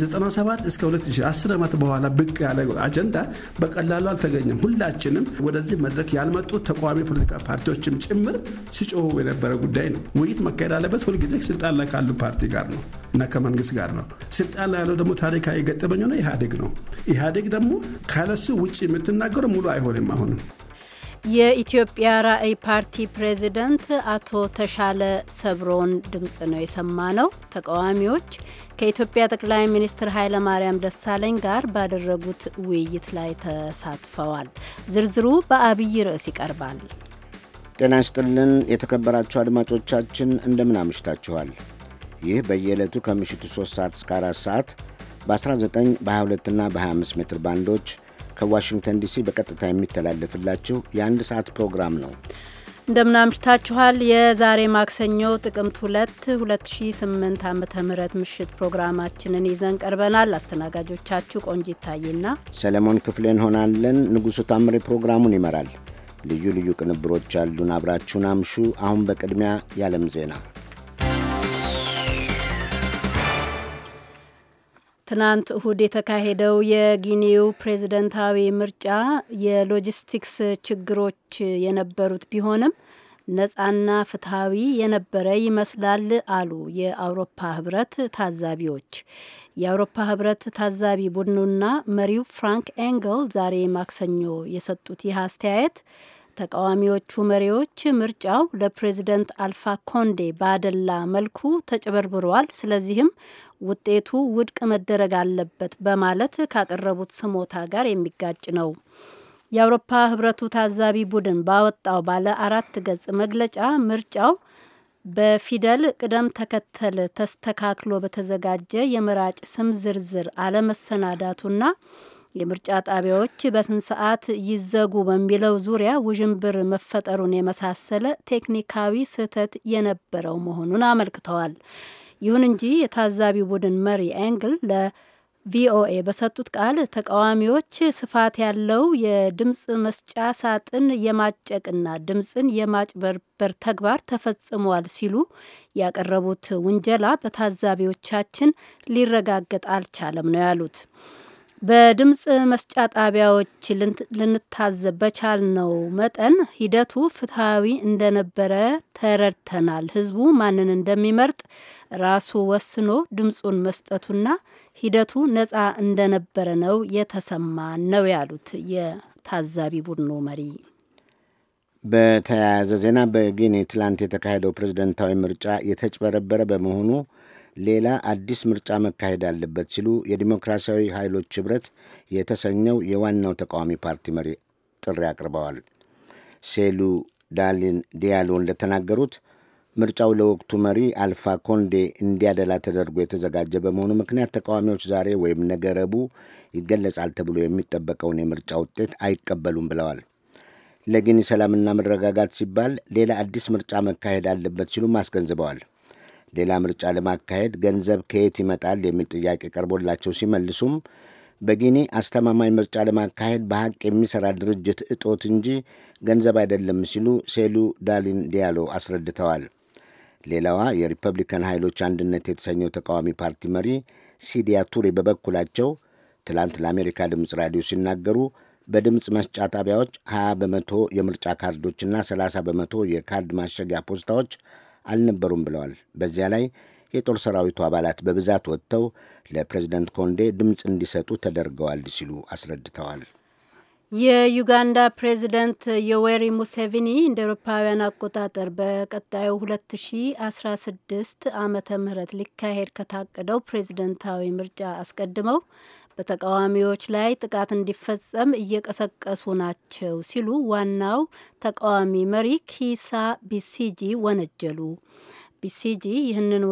ከ97 እስከ 2010 ዓመት በኋላ ብቅ ያለ አጀንዳ በቀላሉ አልተገኘም። ሁላችንም ወደዚህ መድረክ ያልመጡት ተቃዋሚ ፖለቲካ ፓርቲዎችም ጭምር ሲጮሁ የነበረ ጉዳይ ነው። ውይይት መካሄድ አለበት። ሁልጊዜ ስልጣን ላይ ካሉ ፓርቲ ጋር ነው እና ከመንግስት ጋር ነው። ስልጣን ላይ ያለው ደግሞ ታሪካዊ የገጠመኝ ሆነ ኢህአዴግ ነው። ኢህአዴግ ደግሞ ካለሱ ውጭ የምትናገረው ሙሉ አይሆንም። አሁንም የኢትዮጵያ ራዕይ ፓርቲ ፕሬዚደንት አቶ ተሻለ ሰብሮን ድምፅ ነው የሰማ ነው ተቃዋሚዎች ከኢትዮጵያ ጠቅላይ ሚኒስትር ማርያም ደሳለኝ ጋር ባደረጉት ውይይት ላይ ተሳትፈዋል። ዝርዝሩ በአብይ ርዕስ ይቀርባል። ጤና ይስጥልን የተከበራችሁ አድማጮቻችን እንደምን አምሽታችኋል። ይህ በየዕለቱ ከምሽቱ 3 ሰዓት እስከ 4 ሰዓት በ19 በ22 እና በ25 ሜትር ባንዶች ከዋሽንግተን ዲሲ በቀጥታ የሚተላለፍላችሁ የአንድ ሰዓት ፕሮግራም ነው። እንደምናምሽታችኋል። የዛሬ ማክሰኞ ጥቅምት 2 2008 ዓ ም ምሽት ፕሮግራማችንን ይዘን ቀርበናል። አስተናጋጆቻችሁ ቆንጅ ይታይና ሰለሞን ክፍሌ እንሆናለን። ንጉሡ ታምሬ ፕሮግራሙን ይመራል። ልዩ ልዩ ቅንብሮች አሉን። አብራችሁን አምሹ። አሁን በቅድሚያ ያለም ዜና ትናንት እሁድ የተካሄደው የጊኒው ፕሬዝደንታዊ ምርጫ የሎጂስቲክስ ችግሮች የነበሩት ቢሆንም ነፃና ፍትሐዊ የነበረ ይመስላል አሉ የአውሮፓ ህብረት ታዛቢዎች። የአውሮፓ ህብረት ታዛቢ ቡድኑና መሪው ፍራንክ ኤንግል ዛሬ ማክሰኞ የሰጡት ይህ አስተያየት ተቃዋሚዎቹ መሪዎች ምርጫው ለፕሬዝደንት አልፋ ኮንዴ ባደላ መልኩ ተጭበርብሯል፣ ስለዚህም ውጤቱ ውድቅ መደረግ አለበት በማለት ካቀረቡት ስሞታ ጋር የሚጋጭ ነው። የአውሮፓ ህብረቱ ታዛቢ ቡድን ባወጣው ባለ አራት ገጽ መግለጫ ምርጫው በፊደል ቅደም ተከተል ተስተካክሎ በተዘጋጀ የመራጭ ስም ዝርዝር አለመሰናዳቱና የምርጫ ጣቢያዎች በስንት ሰዓት ይዘጉ በሚለው ዙሪያ ውዥንብር መፈጠሩን የመሳሰለ ቴክኒካዊ ስህተት የነበረው መሆኑን አመልክተዋል። ይሁን እንጂ የታዛቢ ቡድን መሪ ኤንግል ለቪኦኤ በሰጡት ቃል ተቃዋሚዎች ስፋት ያለው የድምፅ መስጫ ሳጥን የማጨቅና ድምፅን የማጭበርበር ተግባር ተፈጽሟል ሲሉ ያቀረቡት ውንጀላ በታዛቢዎቻችን ሊረጋገጥ አልቻለም ነው ያሉት። በድምፅ መስጫ ጣቢያዎች ልንታዘብ በቻልነው መጠን ሂደቱ ፍትሐዊ እንደነበረ ተረድተናል። ህዝቡ ማንን እንደሚመርጥ ራሱ ወስኖ ድምፁን መስጠቱና ሂደቱ ነጻ እንደነበረ ነው የተሰማ ነው ያሉት የታዛቢ ቡድኑ መሪ። በተያያዘ ዜና በጊኒ ትላንት የተካሄደው ፕሬዝደንታዊ ምርጫ የተጭበረበረ በመሆኑ ሌላ አዲስ ምርጫ መካሄድ አለበት ሲሉ የዲሞክራሲያዊ ኃይሎች ኅብረት የተሰኘው የዋናው ተቃዋሚ ፓርቲ መሪ ጥሪ አቅርበዋል። ሴሉ ዳሊን ዲያሎ እንደተናገሩት ምርጫው ለወቅቱ መሪ አልፋ ኮንዴ እንዲያደላ ተደርጎ የተዘጋጀ በመሆኑ ምክንያት ተቃዋሚዎች ዛሬ ወይም ነገ ረቡዕ ይገለጻል ተብሎ የሚጠበቀውን የምርጫ ውጤት አይቀበሉም ብለዋል። ለጊኒ ሰላምና መረጋጋት ሲባል ሌላ አዲስ ምርጫ መካሄድ አለበት ሲሉም አስገንዝበዋል። ሌላ ምርጫ ለማካሄድ ገንዘብ ከየት ይመጣል የሚል ጥያቄ ቀርቦላቸው ሲመልሱም በጊኒ አስተማማኝ ምርጫ ለማካሄድ በሀቅ የሚሰራ ድርጅት እጦት እንጂ ገንዘብ አይደለም ሲሉ ሴሉ ዳሊን ዲያሎ አስረድተዋል። ሌላዋ የሪፐብሊካን ኃይሎች አንድነት የተሰኘው ተቃዋሚ ፓርቲ መሪ ሲዲያ ቱሬ በበኩላቸው ትላንት ለአሜሪካ ድምፅ ራዲዮ ሲናገሩ በድምፅ መስጫ ጣቢያዎች 20 በመቶ የምርጫ ካርዶችና 30 በመቶ የካርድ ማሸጊያ ፖስታዎች አልነበሩም ብለዋል። በዚያ ላይ የጦር ሰራዊቱ አባላት በብዛት ወጥተው ለፕሬዚደንት ኮንዴ ድምፅ እንዲሰጡ ተደርገዋል ሲሉ አስረድተዋል። የዩጋንዳ ፕሬዚደንት ዮዌሪ ሙሴቪኒ እንደ ኤሮፓውያን አቆጣጠር በቀጣዩ 2016 ዓመተ ምህረት ሊካሄድ ከታቀደው ፕሬዚደንታዊ ምርጫ አስቀድመው በተቃዋሚዎች ላይ ጥቃት እንዲፈጸም እየቀሰቀሱ ናቸው ሲሉ ዋናው ተቃዋሚ መሪ ኪሳ ቢሲጂ ወነጀሉ። ቢሲጂ ይህንን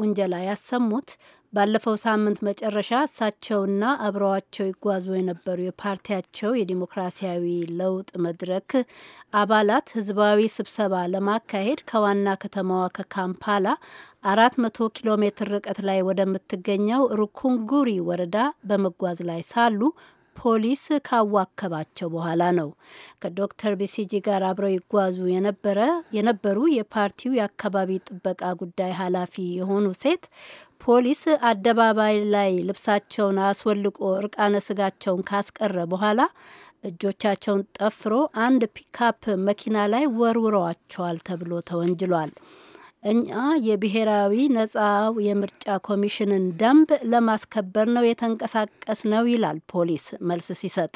ውንጀላ ያሰሙት ባለፈው ሳምንት መጨረሻ እሳቸውና አብረዋቸው ይጓዙ የነበሩ የፓርቲያቸው የዲሞክራሲያዊ ለውጥ መድረክ አባላት ህዝባዊ ስብሰባ ለማካሄድ ከዋና ከተማዋ ከካምፓላ አራት መቶ ኪሎ ሜትር ርቀት ላይ ወደምትገኘው ሩኩንጉሪ ወረዳ በመጓዝ ላይ ሳሉ ፖሊስ ካዋከባቸው በኋላ ነው። ከዶክተር ቢሲጂ ጋር አብረው ይጓዙ የነበረ የነበሩ የፓርቲው የአካባቢ ጥበቃ ጉዳይ ኃላፊ የሆኑ ሴት ፖሊስ አደባባይ ላይ ልብሳቸውን አስወልቆ እርቃነ ስጋቸውን ካስቀረ በኋላ እጆቻቸውን ጠፍሮ አንድ ፒካፕ መኪና ላይ ወርውረዋቸዋል ተብሎ ተወንጅሏል። እኛ የብሔራዊ ነጻው የምርጫ ኮሚሽንን ደንብ ለማስከበር ነው የተንቀሳቀስ ነው ይላል ፖሊስ መልስ ሲሰጥ።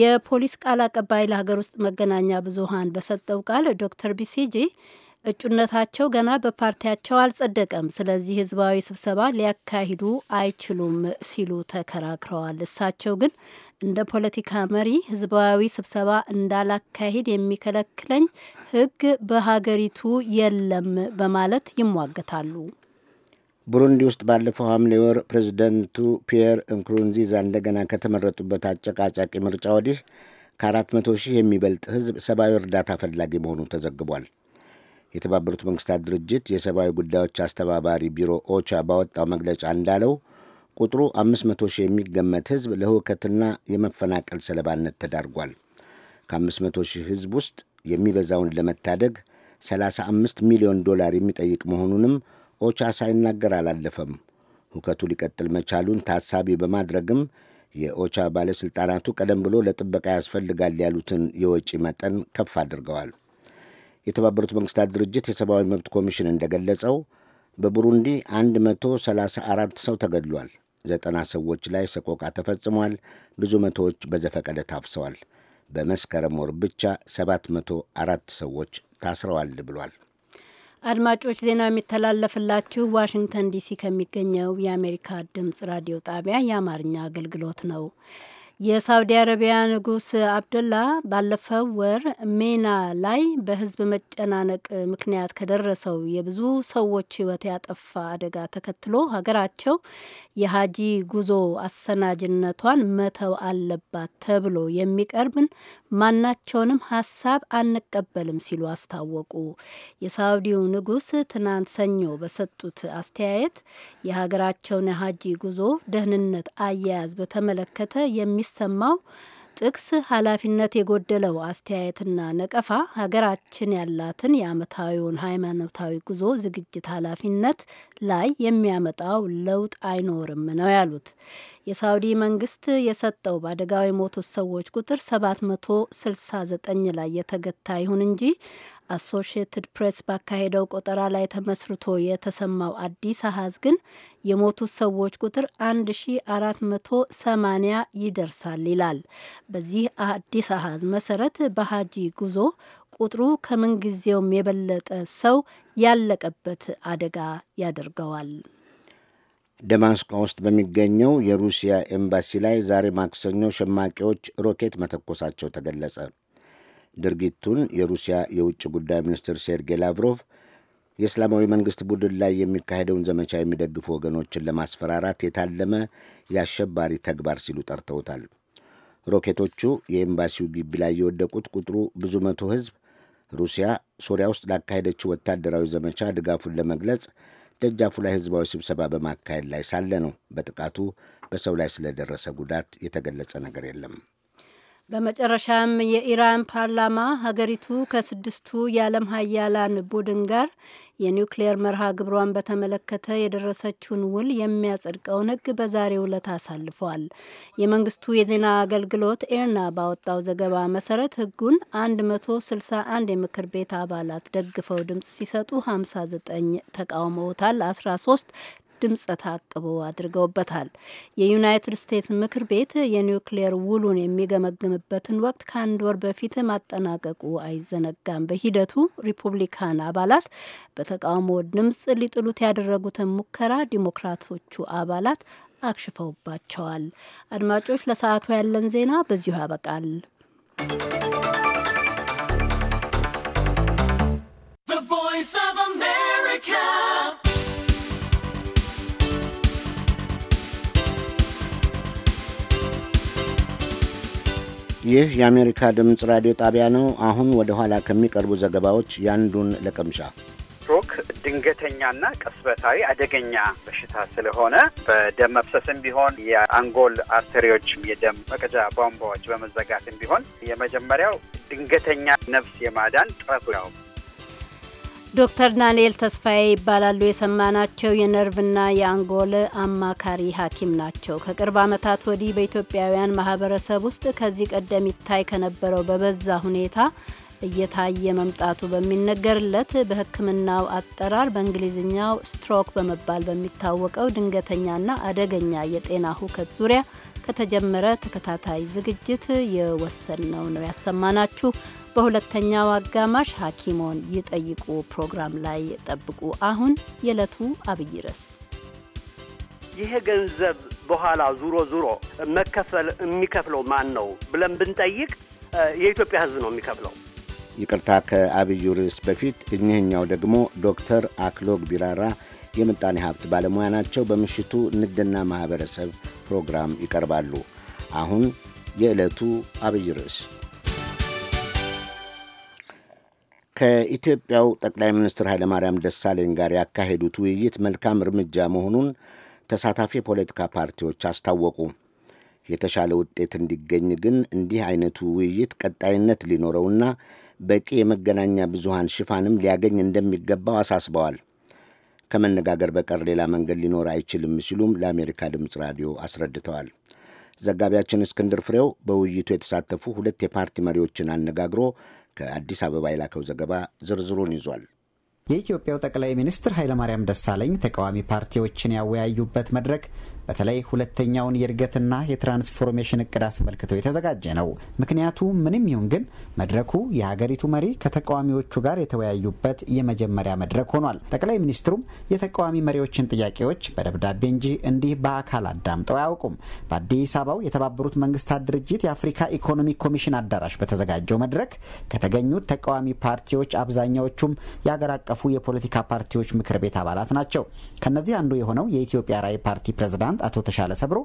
የፖሊስ ቃል አቀባይ ለሀገር ውስጥ መገናኛ ብዙኃን በሰጠው ቃል ዶክተር ቢሲጂ እጩነታቸው ገና በፓርቲያቸው አልጸደቀም፣ ስለዚህ ህዝባዊ ስብሰባ ሊያካሂዱ አይችሉም ሲሉ ተከራክረዋል። እሳቸው ግን እንደ ፖለቲካ መሪ ህዝባዊ ስብሰባ እንዳላካሂድ የሚከለክለኝ ህግ በሀገሪቱ የለም በማለት ይሟገታሉ። ቡሩንዲ ውስጥ ባለፈው ሐምሌ ወር ፕሬዚደንቱ ፒየር እንኩሩንዚዛ እንደገና ከተመረጡበት አጨቃጫቂ ምርጫ ወዲህ ከአራት መቶ ሺህ የሚበልጥ ህዝብ ሰብአዊ እርዳታ ፈላጊ መሆኑ ተዘግቧል። የተባበሩት መንግስታት ድርጅት የሰብአዊ ጉዳዮች አስተባባሪ ቢሮ ኦቻ ባወጣው መግለጫ እንዳለው ቁጥሩ 500 ሺህ የሚገመት ህዝብ ለህውከትና የመፈናቀል ሰለባነት ተዳርጓል። ከ500 ሺህ ህዝብ ውስጥ የሚበዛውን ለመታደግ 35 ሚሊዮን ዶላር የሚጠይቅ መሆኑንም ኦቻ ሳይናገር አላለፈም። ሁከቱ ሊቀጥል መቻሉን ታሳቢ በማድረግም የኦቻ ባለሥልጣናቱ ቀደም ብሎ ለጥበቃ ያስፈልጋል ያሉትን የወጪ መጠን ከፍ አድርገዋል። የተባበሩት መንግስታት ድርጅት የሰብአዊ መብት ኮሚሽን እንደገለጸው በቡሩንዲ 134 ሰው ተገድሏል። ዘጠና ሰዎች ላይ ሰቆቃ ተፈጽሟል። ብዙ መቶዎች በዘፈቀደ ታፍሰዋል። በመስከረም ወር ብቻ 704 ሰዎች ታስረዋል ብሏል። አድማጮች ዜናው የሚተላለፍላችሁ ዋሽንግተን ዲሲ ከሚገኘው የአሜሪካ ድምጽ ራዲዮ ጣቢያ የአማርኛ አገልግሎት ነው። የሳውዲ አረቢያ ንጉስ አብደላ ባለፈው ወር ሜና ላይ በህዝብ መጨናነቅ ምክንያት ከደረሰው የብዙ ሰዎች ህይወት ያጠፋ አደጋ ተከትሎ ሀገራቸው የሀጂ ጉዞ አሰናጅነቷን መተው አለባት ተብሎ የሚቀርብን ማናቸውንም ሀሳብ አንቀበልም ሲሉ አስታወቁ። የሳውዲው ንጉስ ትናንት ሰኞ በሰጡት አስተያየት የሀገራቸውን የሀጂ ጉዞ ደህንነት አያያዝ በተመለከተ የሚሰማው ጥቅስ ኃላፊነት የጎደለው አስተያየትና ነቀፋ ሀገራችን ያላትን የአመታዊውን ሃይማኖታዊ ጉዞ ዝግጅት ኃላፊነት ላይ የሚያመጣው ለውጥ አይኖርም ነው ያሉት። የሳውዲ መንግስት የሰጠው በአደጋው የሞቱት ሰዎች ቁጥር 769 ላይ የተገታ ይሁን እንጂ አሶሽየትድ ፕሬስ ባካሄደው ቆጠራ ላይ ተመስርቶ የተሰማው አዲስ አሀዝ ግን የሞቱት ሰዎች ቁጥር 1480 ይደርሳል ይላል። በዚህ አዲስ አሀዝ መሰረት በሀጂ ጉዞ ቁጥሩ ከምንጊዜውም የበለጠ ሰው ያለቀበት አደጋ ያደርገዋል። ደማስቆ ውስጥ በሚገኘው የሩሲያ ኤምባሲ ላይ ዛሬ ማክሰኞ ሸማቂዎች ሮኬት መተኮሳቸው ተገለጸ። ድርጊቱን የሩሲያ የውጭ ጉዳይ ሚኒስትር ሴርጌይ ላቭሮቭ የእስላማዊ መንግስት ቡድን ላይ የሚካሄደውን ዘመቻ የሚደግፉ ወገኖችን ለማስፈራራት የታለመ የአሸባሪ ተግባር ሲሉ ጠርተውታል። ሮኬቶቹ የኤምባሲው ግቢ ላይ የወደቁት ቁጥሩ ብዙ መቶ ሕዝብ ሩሲያ ሶሪያ ውስጥ ላካሄደችው ወታደራዊ ዘመቻ ድጋፉን ለመግለጽ ደጃፉ ላይ ሕዝባዊ ስብሰባ በማካሄድ ላይ ሳለ ነው። በጥቃቱ በሰው ላይ ስለደረሰ ጉዳት የተገለጸ ነገር የለም። በመጨረሻም የኢራን ፓርላማ ሀገሪቱ ከስድስቱ የዓለም ሀያላን ቡድን ጋር የኒውክሌየር መርሃ ግብሯን በተመለከተ የደረሰችውን ውል የሚያጸድቀውን ሕግ በዛሬው ዕለት አሳልፏል። የመንግስቱ የዜና አገልግሎት ኤርና ባወጣው ዘገባ መሰረት ሕጉን 161 የምክር ቤት አባላት ደግፈው ድምፅ ሲሰጡ 59 ተቃውመውታል፣ 13 ድምፀ ታቅቦ አድርገውበታል። የዩናይትድ ስቴትስ ምክር ቤት የኒውክሌር ውሉን የሚገመግምበትን ወቅት ከአንድ ወር በፊት ማጠናቀቁ አይዘነጋም። በሂደቱ ሪፑብሊካን አባላት በተቃውሞ ድምፅ ሊጥሉት ያደረጉትን ሙከራ ዲሞክራቶቹ አባላት አክሽፈውባቸዋል። አድማጮች፣ ለሰዓቱ ያለን ዜና በዚሁ ያበቃል። ይህ የአሜሪካ ድምፅ ራዲዮ ጣቢያ ነው። አሁን ወደ ኋላ ከሚቀርቡ ዘገባዎች ያንዱን ለቅምሻ። ስትሮክ ድንገተኛና ቅስበታዊ አደገኛ በሽታ ስለሆነ በደም መፍሰስም ቢሆን የአንጎል አርተሪዎች የደም መቀጃ ቧንቧዎች በመዘጋትም ቢሆን የመጀመሪያው ድንገተኛ ነፍስ የማዳን ጥረቱ ነው። ዶክተር ዳንኤል ተስፋዬ ይባላሉ። የሰማናቸው የነርቭና የአንጎል አማካሪ ሐኪም ናቸው። ከቅርብ ዓመታት ወዲህ በኢትዮጵያውያን ማህበረሰብ ውስጥ ከዚህ ቀደም ይታይ ከነበረው በበዛ ሁኔታ እየታየ መምጣቱ በሚነገርለት በሕክምናው አጠራር በእንግሊዝኛው ስትሮክ በመባል በሚታወቀው ድንገተኛና አደገኛ የጤና ሁከት ዙሪያ ከተጀመረ ተከታታይ ዝግጅት የወሰን ነው ነው ያሰማናችሁ። በሁለተኛው አጋማሽ ሐኪሞን ይጠይቁ ፕሮግራም ላይ ጠብቁ። አሁን የዕለቱ አብይ ርዕስ ይሄ ገንዘብ በኋላ ዙሮ ዙሮ መከፈል የሚከፍለው ማን ነው ብለን ብንጠይቅ የኢትዮጵያ ሕዝብ ነው የሚከፍለው። ይቅርታ፣ ከአብዩ ርዕስ በፊት እኚህኛው ደግሞ ዶክተር አክሎግ ቢራራ የምጣኔ ሀብት ባለሙያ ናቸው። በምሽቱ ንግድና ማኅበረሰብ ፕሮግራም ይቀርባሉ። አሁን የዕለቱ አብይ ርዕስ ከኢትዮጵያው ጠቅላይ ሚኒስትር ኃይለማርያም ደሳለኝ ጋር ያካሄዱት ውይይት መልካም እርምጃ መሆኑን ተሳታፊ የፖለቲካ ፓርቲዎች አስታወቁ። የተሻለ ውጤት እንዲገኝ ግን እንዲህ አይነቱ ውይይት ቀጣይነት ሊኖረውና በቂ የመገናኛ ብዙሃን ሽፋንም ሊያገኝ እንደሚገባው አሳስበዋል። ከመነጋገር በቀር ሌላ መንገድ ሊኖር አይችልም ሲሉም ለአሜሪካ ድምፅ ራዲዮ አስረድተዋል። ዘጋቢያችን እስክንድር ፍሬው በውይይቱ የተሳተፉ ሁለት የፓርቲ መሪዎችን አነጋግሮ ከአዲስ አበባ የላከው ዘገባ ዝርዝሩን ይዟል። የኢትዮጵያው ጠቅላይ ሚኒስትር ኃይለማርያም ደሳለኝ ተቃዋሚ ፓርቲዎችን ያወያዩበት መድረክ በተለይ ሁለተኛውን የእድገትና የትራንስፎርሜሽን እቅድ አስመልክቶ የተዘጋጀ ነው። ምክንያቱ ምንም ይሁን ግን መድረኩ የሀገሪቱ መሪ ከተቃዋሚዎቹ ጋር የተወያዩበት የመጀመሪያ መድረክ ሆኗል። ጠቅላይ ሚኒስትሩም የተቃዋሚ መሪዎችን ጥያቄዎች በደብዳቤ እንጂ እንዲህ በአካል አዳምጠው አያውቁም። በአዲስ አበባው የተባበሩት መንግስታት ድርጅት የአፍሪካ ኢኮኖሚ ኮሚሽን አዳራሽ በተዘጋጀው መድረክ ከተገኙት ተቃዋሚ ፓርቲዎች አብዛኛዎቹም የአገር አቀፉ የፖለቲካ ፓርቲዎች ምክር ቤት አባላት ናቸው። ከነዚህ አንዱ የሆነው የኢትዮጵያ ራዕይ ፓርቲ ፕሬዝዳንት አቶ ተሻለ ሰብሮ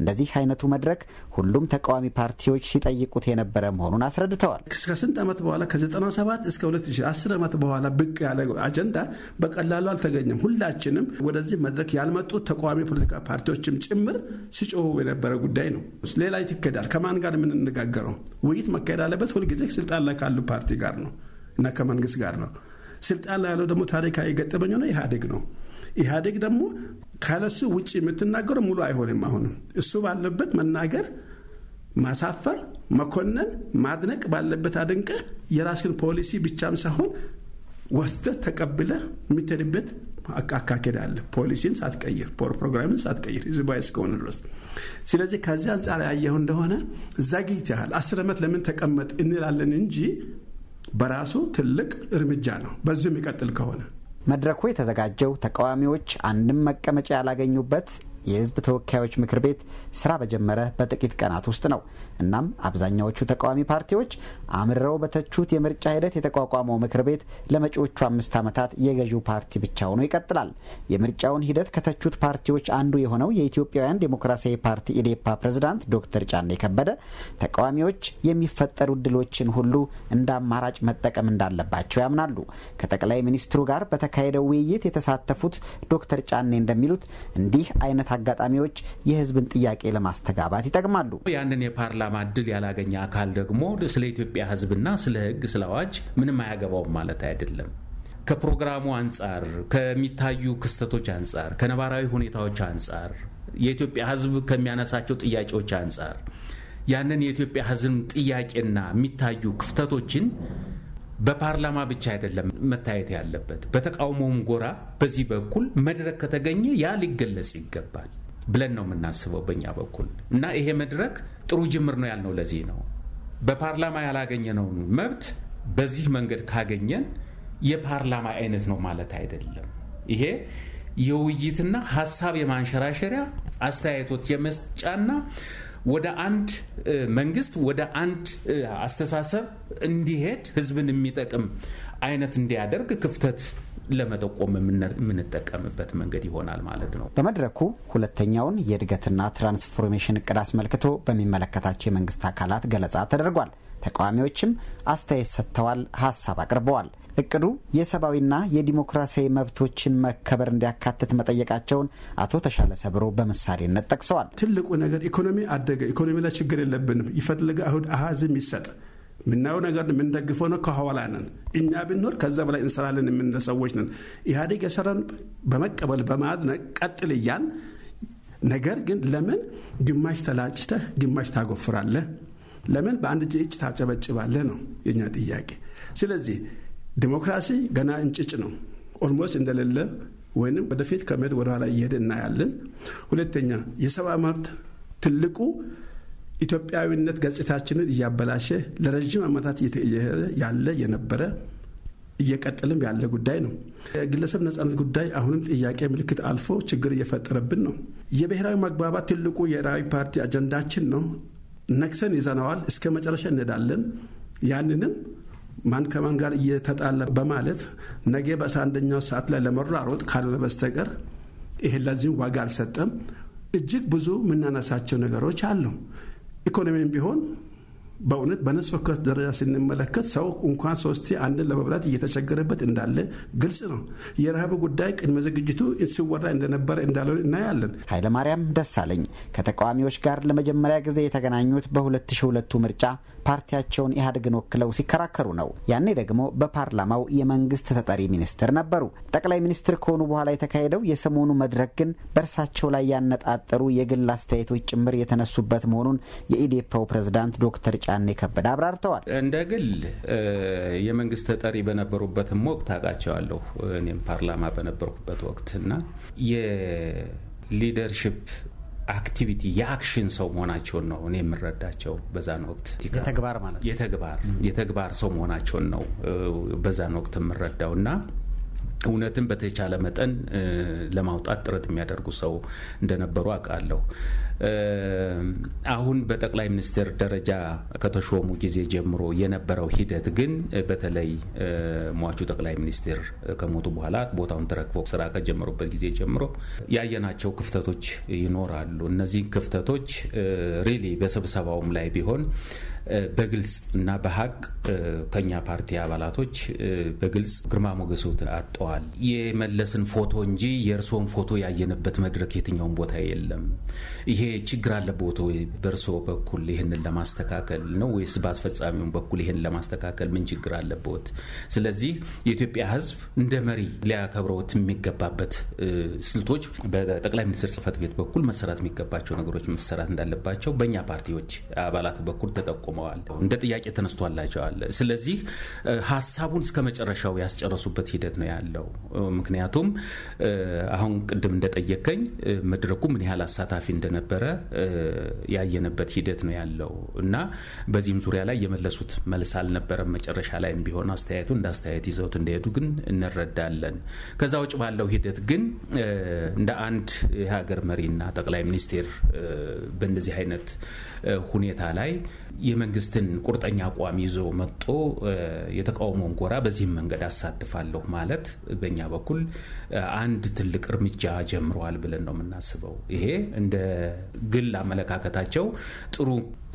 እንደዚህ አይነቱ መድረክ ሁሉም ተቃዋሚ ፓርቲዎች ሲጠይቁት የነበረ መሆኑን አስረድተዋል። እስከ ስንት ዓመት በኋላ ከ97 እስከ 2010 ዓመት በኋላ ብቅ ያለ አጀንዳ በቀላሉ አልተገኘም። ሁላችንም ወደዚህ መድረክ ያልመጡት ተቃዋሚ ፖለቲካ ፓርቲዎችም ጭምር ሲጮሁ የነበረ ጉዳይ ነው። ሌላ ይትከዳል። ከማን ጋር የምንነጋገረው? ውይይት መካሄድ አለበት። ሁልጊዜ ስልጣን ላይ ካሉ ፓርቲ ጋር ነው እና ከመንግስት ጋር ነው። ስልጣን ላይ ያለው ደግሞ ታሪካዊ ገጠመኝ ነው ኢህአዴግ ነው። ኢህአዴግ ደግሞ ከለሱ ውጭ የምትናገሩ ሙሉ አይሆንም። አሁንም እሱ ባለበት መናገር፣ ማሳፈር፣ መኮነን፣ ማድነቅ ባለበት አድንቀ የራስህን ፖሊሲ ብቻም ሳይሆን ወስደ ተቀብለ የሚትሄድበት አካሄድ አለ። ፖሊሲን ሳትቀይር፣ ፕሮግራምን ሳትቀይር ህዝባዊ እስከሆነ ድረስ። ስለዚህ ከዚህ አንጻር ያየኸው እንደሆነ ያህል አስር ዓመት ለምን ተቀመጥ እንላለን እንጂ በራሱ ትልቅ እርምጃ ነው። በዚሁ የሚቀጥል ከሆነ መድረኩ የተዘጋጀው ተቃዋሚዎች አንድም መቀመጫ ያላገኙበት የህዝብ ተወካዮች ምክር ቤት ስራ በጀመረ በጥቂት ቀናት ውስጥ ነው። እናም አብዛኛዎቹ ተቃዋሚ ፓርቲዎች አምርረው በተቹት የምርጫ ሂደት የተቋቋመው ምክር ቤት ለመጪዎቹ አምስት ዓመታት የገዢው ፓርቲ ብቻ ሆኖ ይቀጥላል። የምርጫውን ሂደት ከተቹት ፓርቲዎች አንዱ የሆነው የኢትዮጵያውያን ዴሞክራሲያዊ ፓርቲ ኢዴፓ ፕሬዝዳንት ዶክተር ጫኔ ከበደ ተቃዋሚዎች የሚፈጠሩ እድሎችን ሁሉ እንደ አማራጭ መጠቀም እንዳለባቸው ያምናሉ። ከጠቅላይ ሚኒስትሩ ጋር በተካሄደው ውይይት የተሳተፉት ዶክተር ጫኔ እንደሚሉት እንዲህ አይነት አጋጣሚዎች የህዝብን ጥያቄ ለማስተጋባት ይጠቅማሉ። ያንን የፓርላማ እድል ያላገኘ አካል ደግሞ ስለ ኢትዮጵያ ህዝብና ስለ ህግ፣ ስለ አዋጅ ምንም አያገባውም ማለት አይደለም። ከፕሮግራሙ አንጻር፣ ከሚታዩ ክስተቶች አንጻር፣ ከነባራዊ ሁኔታዎች አንጻር፣ የኢትዮጵያ ህዝብ ከሚያነሳቸው ጥያቄዎች አንጻር ያንን የኢትዮጵያ ህዝብ ጥያቄና የሚታዩ ክፍተቶችን በፓርላማ ብቻ አይደለም መታየት ያለበት። በተቃውሞውም ጎራ በዚህ በኩል መድረክ ከተገኘ ያ ሊገለጽ ይገባል ብለን ነው የምናስበው በእኛ በኩል እና ይሄ መድረክ ጥሩ ጅምር ነው ያልነው ለዚህ ነው። በፓርላማ ያላገኘነውን መብት በዚህ መንገድ ካገኘን የፓርላማ አይነት ነው ማለት አይደለም። ይሄ የውይይትና ሀሳብ የማንሸራሸሪያ አስተያየቶት የመስጫና ወደ አንድ መንግስት ወደ አንድ አስተሳሰብ እንዲሄድ ህዝብን የሚጠቅም አይነት እንዲያደርግ ክፍተት ለመጠቆም የምንጠቀምበት መንገድ ይሆናል ማለት ነው። በመድረኩ ሁለተኛውን የእድገትና ትራንስፎርሜሽን እቅድ አስመልክቶ በሚመለከታቸው የመንግስት አካላት ገለጻ ተደርጓል። ተቃዋሚዎችም አስተያየት ሰጥተዋል፣ ሀሳብ አቅርበዋል። እቅዱ የሰብአዊና የዲሞክራሲያዊ መብቶችን መከበር እንዲያካትት መጠየቃቸውን አቶ ተሻለ ሰብሮ በምሳሌነት ጠቅሰዋል። ትልቁ ነገር ኢኮኖሚ አደገ። ኢኮኖሚ ላይ ችግር የለብንም። ይፈልገ አይሁድ አሃዝም ይሰጥ ምናየው ነገር የምንደግፈው ነው። ከኋላ ነን እኛ ብንሆን ከዛ በላይ እንሰራለን የምንለ ሰዎች ነን። ኢህአዴግ የሰራን በመቀበል በማድነቅ ቀጥል እያን ነገር ግን ለምን ግማሽ ተላጭተህ ግማሽ ታጎፍራለህ? ለምን በአንድ እጅ ታጨበጭባለህ ነው የኛ ጥያቄ። ስለዚህ ዲሞክራሲ ገና እንጭጭ ነው፣ ኦልሞስት እንደሌለ ወይንም ወደፊት ከመሄድ ወደኋላ እየሄደ እናያለን። ሁለተኛ የሰብአዊ መብት ትልቁ ኢትዮጵያዊነት ገጽታችንን እያበላሸ ለረዥም ዓመታት እየተሄደ ያለ የነበረ እየቀጥልም ያለ ጉዳይ ነው። የግለሰብ ነጻነት ጉዳይ አሁንም ጥያቄ ምልክት አልፎ ችግር እየፈጠረብን ነው። የብሔራዊ መግባባት ትልቁ የራዊ ፓርቲ አጀንዳችን ነው። ነክሰን ይዘነዋል። እስከ መጨረሻ እንሄዳለን። ያንንም ማን ከማን ጋር እየተጣላ በማለት ነገ በአስራ አንደኛው ሰዓት ላይ ለመራሮጥ ካልሆነ በስተቀር ይሄ ለዚህም ዋጋ አልሰጠም። እጅግ ብዙ የምናነሳቸው ነገሮች አሉ። ኢኮኖሚም ቢሆን በእውነት በነፍስ ወከፍ ደረጃ ስንመለከት ሰው እንኳን ሶስቴ አንድን ለመብላት እየተቸገረበት እንዳለ ግልጽ ነው። የረሃብ ጉዳይ ቅድመ ዝግጅቱ ሲወራ እንደነበረ እንዳለ እናያለን። ኃይለማርያም ደሳለኝ ከተቃዋሚዎች ጋር ለመጀመሪያ ጊዜ የተገናኙት በ2002ቱ ምርጫ ፓርቲያቸውን ኢህአዴግን ወክለው ሲከራከሩ ነው። ያኔ ደግሞ በፓርላማው የመንግስት ተጠሪ ሚኒስትር ነበሩ። ጠቅላይ ሚኒስትር ከሆኑ በኋላ የተካሄደው የሰሞኑ መድረክ ግን በእርሳቸው ላይ ያነጣጠሩ የግል አስተያየቶች ጭምር የተነሱበት መሆኑን የኢዴፓው ፕሬዝዳንት ዶክተር ጫ ጫኔ ከበደ አብራርተዋል። እንደ ግል የመንግስት ተጠሪ በነበሩበትም ወቅት አውቃቸዋለሁ። እኔም ፓርላማ በነበርኩበት ወቅት እና የሊደርሽፕ አክቲቪቲ የአክሽን ሰው መሆናቸውን ነው እኔ የምረዳቸው። በዛን ወቅት የተግባር ማለት የተግባር የተግባር ሰው መሆናቸውን ነው በዛን ወቅት የምረዳው እና እውነትን በተቻለ መጠን ለማውጣት ጥረት የሚያደርጉ ሰው እንደነበሩ አውቃለሁ። አሁን በጠቅላይ ሚኒስትር ደረጃ ከተሾሙ ጊዜ ጀምሮ የነበረው ሂደት ግን በተለይ ሟቹ ጠቅላይ ሚኒስትር ከሞቱ በኋላ ቦታውን ተረክበው ስራ ከጀመሩበት ጊዜ ጀምሮ ያየናቸው ክፍተቶች ይኖራሉ። እነዚህ ክፍተቶች ሪሊ በስብሰባውም ላይ ቢሆን በግልጽ እና በሀቅ ከኛ ፓርቲ አባላቶች በግልጽ ግርማ ሞገሱ አጠዋል። የመለስን ፎቶ እንጂ የእርስዎን ፎቶ ያየንበት መድረክ የትኛውም ቦታ የለም። ይሄ ችግር አለበት ቦቶ በእርስዎ በኩል ይህንን ለማስተካከል ነው ወይስ በአስፈጻሚውን በኩል ይህን ለማስተካከል ምን ችግር አለበት? ስለዚህ የኢትዮጵያ ሕዝብ እንደ መሪ ሊያከብረውት የሚገባበት ስልቶች በጠቅላይ ሚኒስትር ጽህፈት ቤት በኩል መሰራት የሚገባቸው ነገሮች መሰራት እንዳለባቸው በእኛ ፓርቲዎች አባላት በኩል ተጠቆሙ ቆመዋል፣ እንደ ጥያቄ ተነስቷላቸዋል። ስለዚህ ሀሳቡን እስከ መጨረሻው ያስጨረሱበት ሂደት ነው ያለው። ምክንያቱም አሁን ቅድም እንደጠየከኝ መድረኩ ምን ያህል አሳታፊ እንደነበረ ያየነበት ሂደት ነው ያለው እና በዚህም ዙሪያ ላይ የመለሱት መልስ አልነበረም። መጨረሻ ላይም ቢሆን አስተያየቱ እንደ አስተያየት ይዘውት እንደሄዱ ግን እንረዳለን። ከዛ ውጭ ባለው ሂደት ግን እንደ አንድ የሀገር መሪና ጠቅላይ ሚኒስቴር በእንደዚህ አይነት ሁኔታ ላይ የመንግስትን ቁርጠኛ አቋም ይዞ መጥቶ የተቃውሞውን ጎራ በዚህም መንገድ አሳትፋለሁ ማለት በእኛ በኩል አንድ ትልቅ እርምጃ ጀምረዋል ብለን ነው የምናስበው። ይሄ እንደ ግል አመለካከታቸው ጥሩ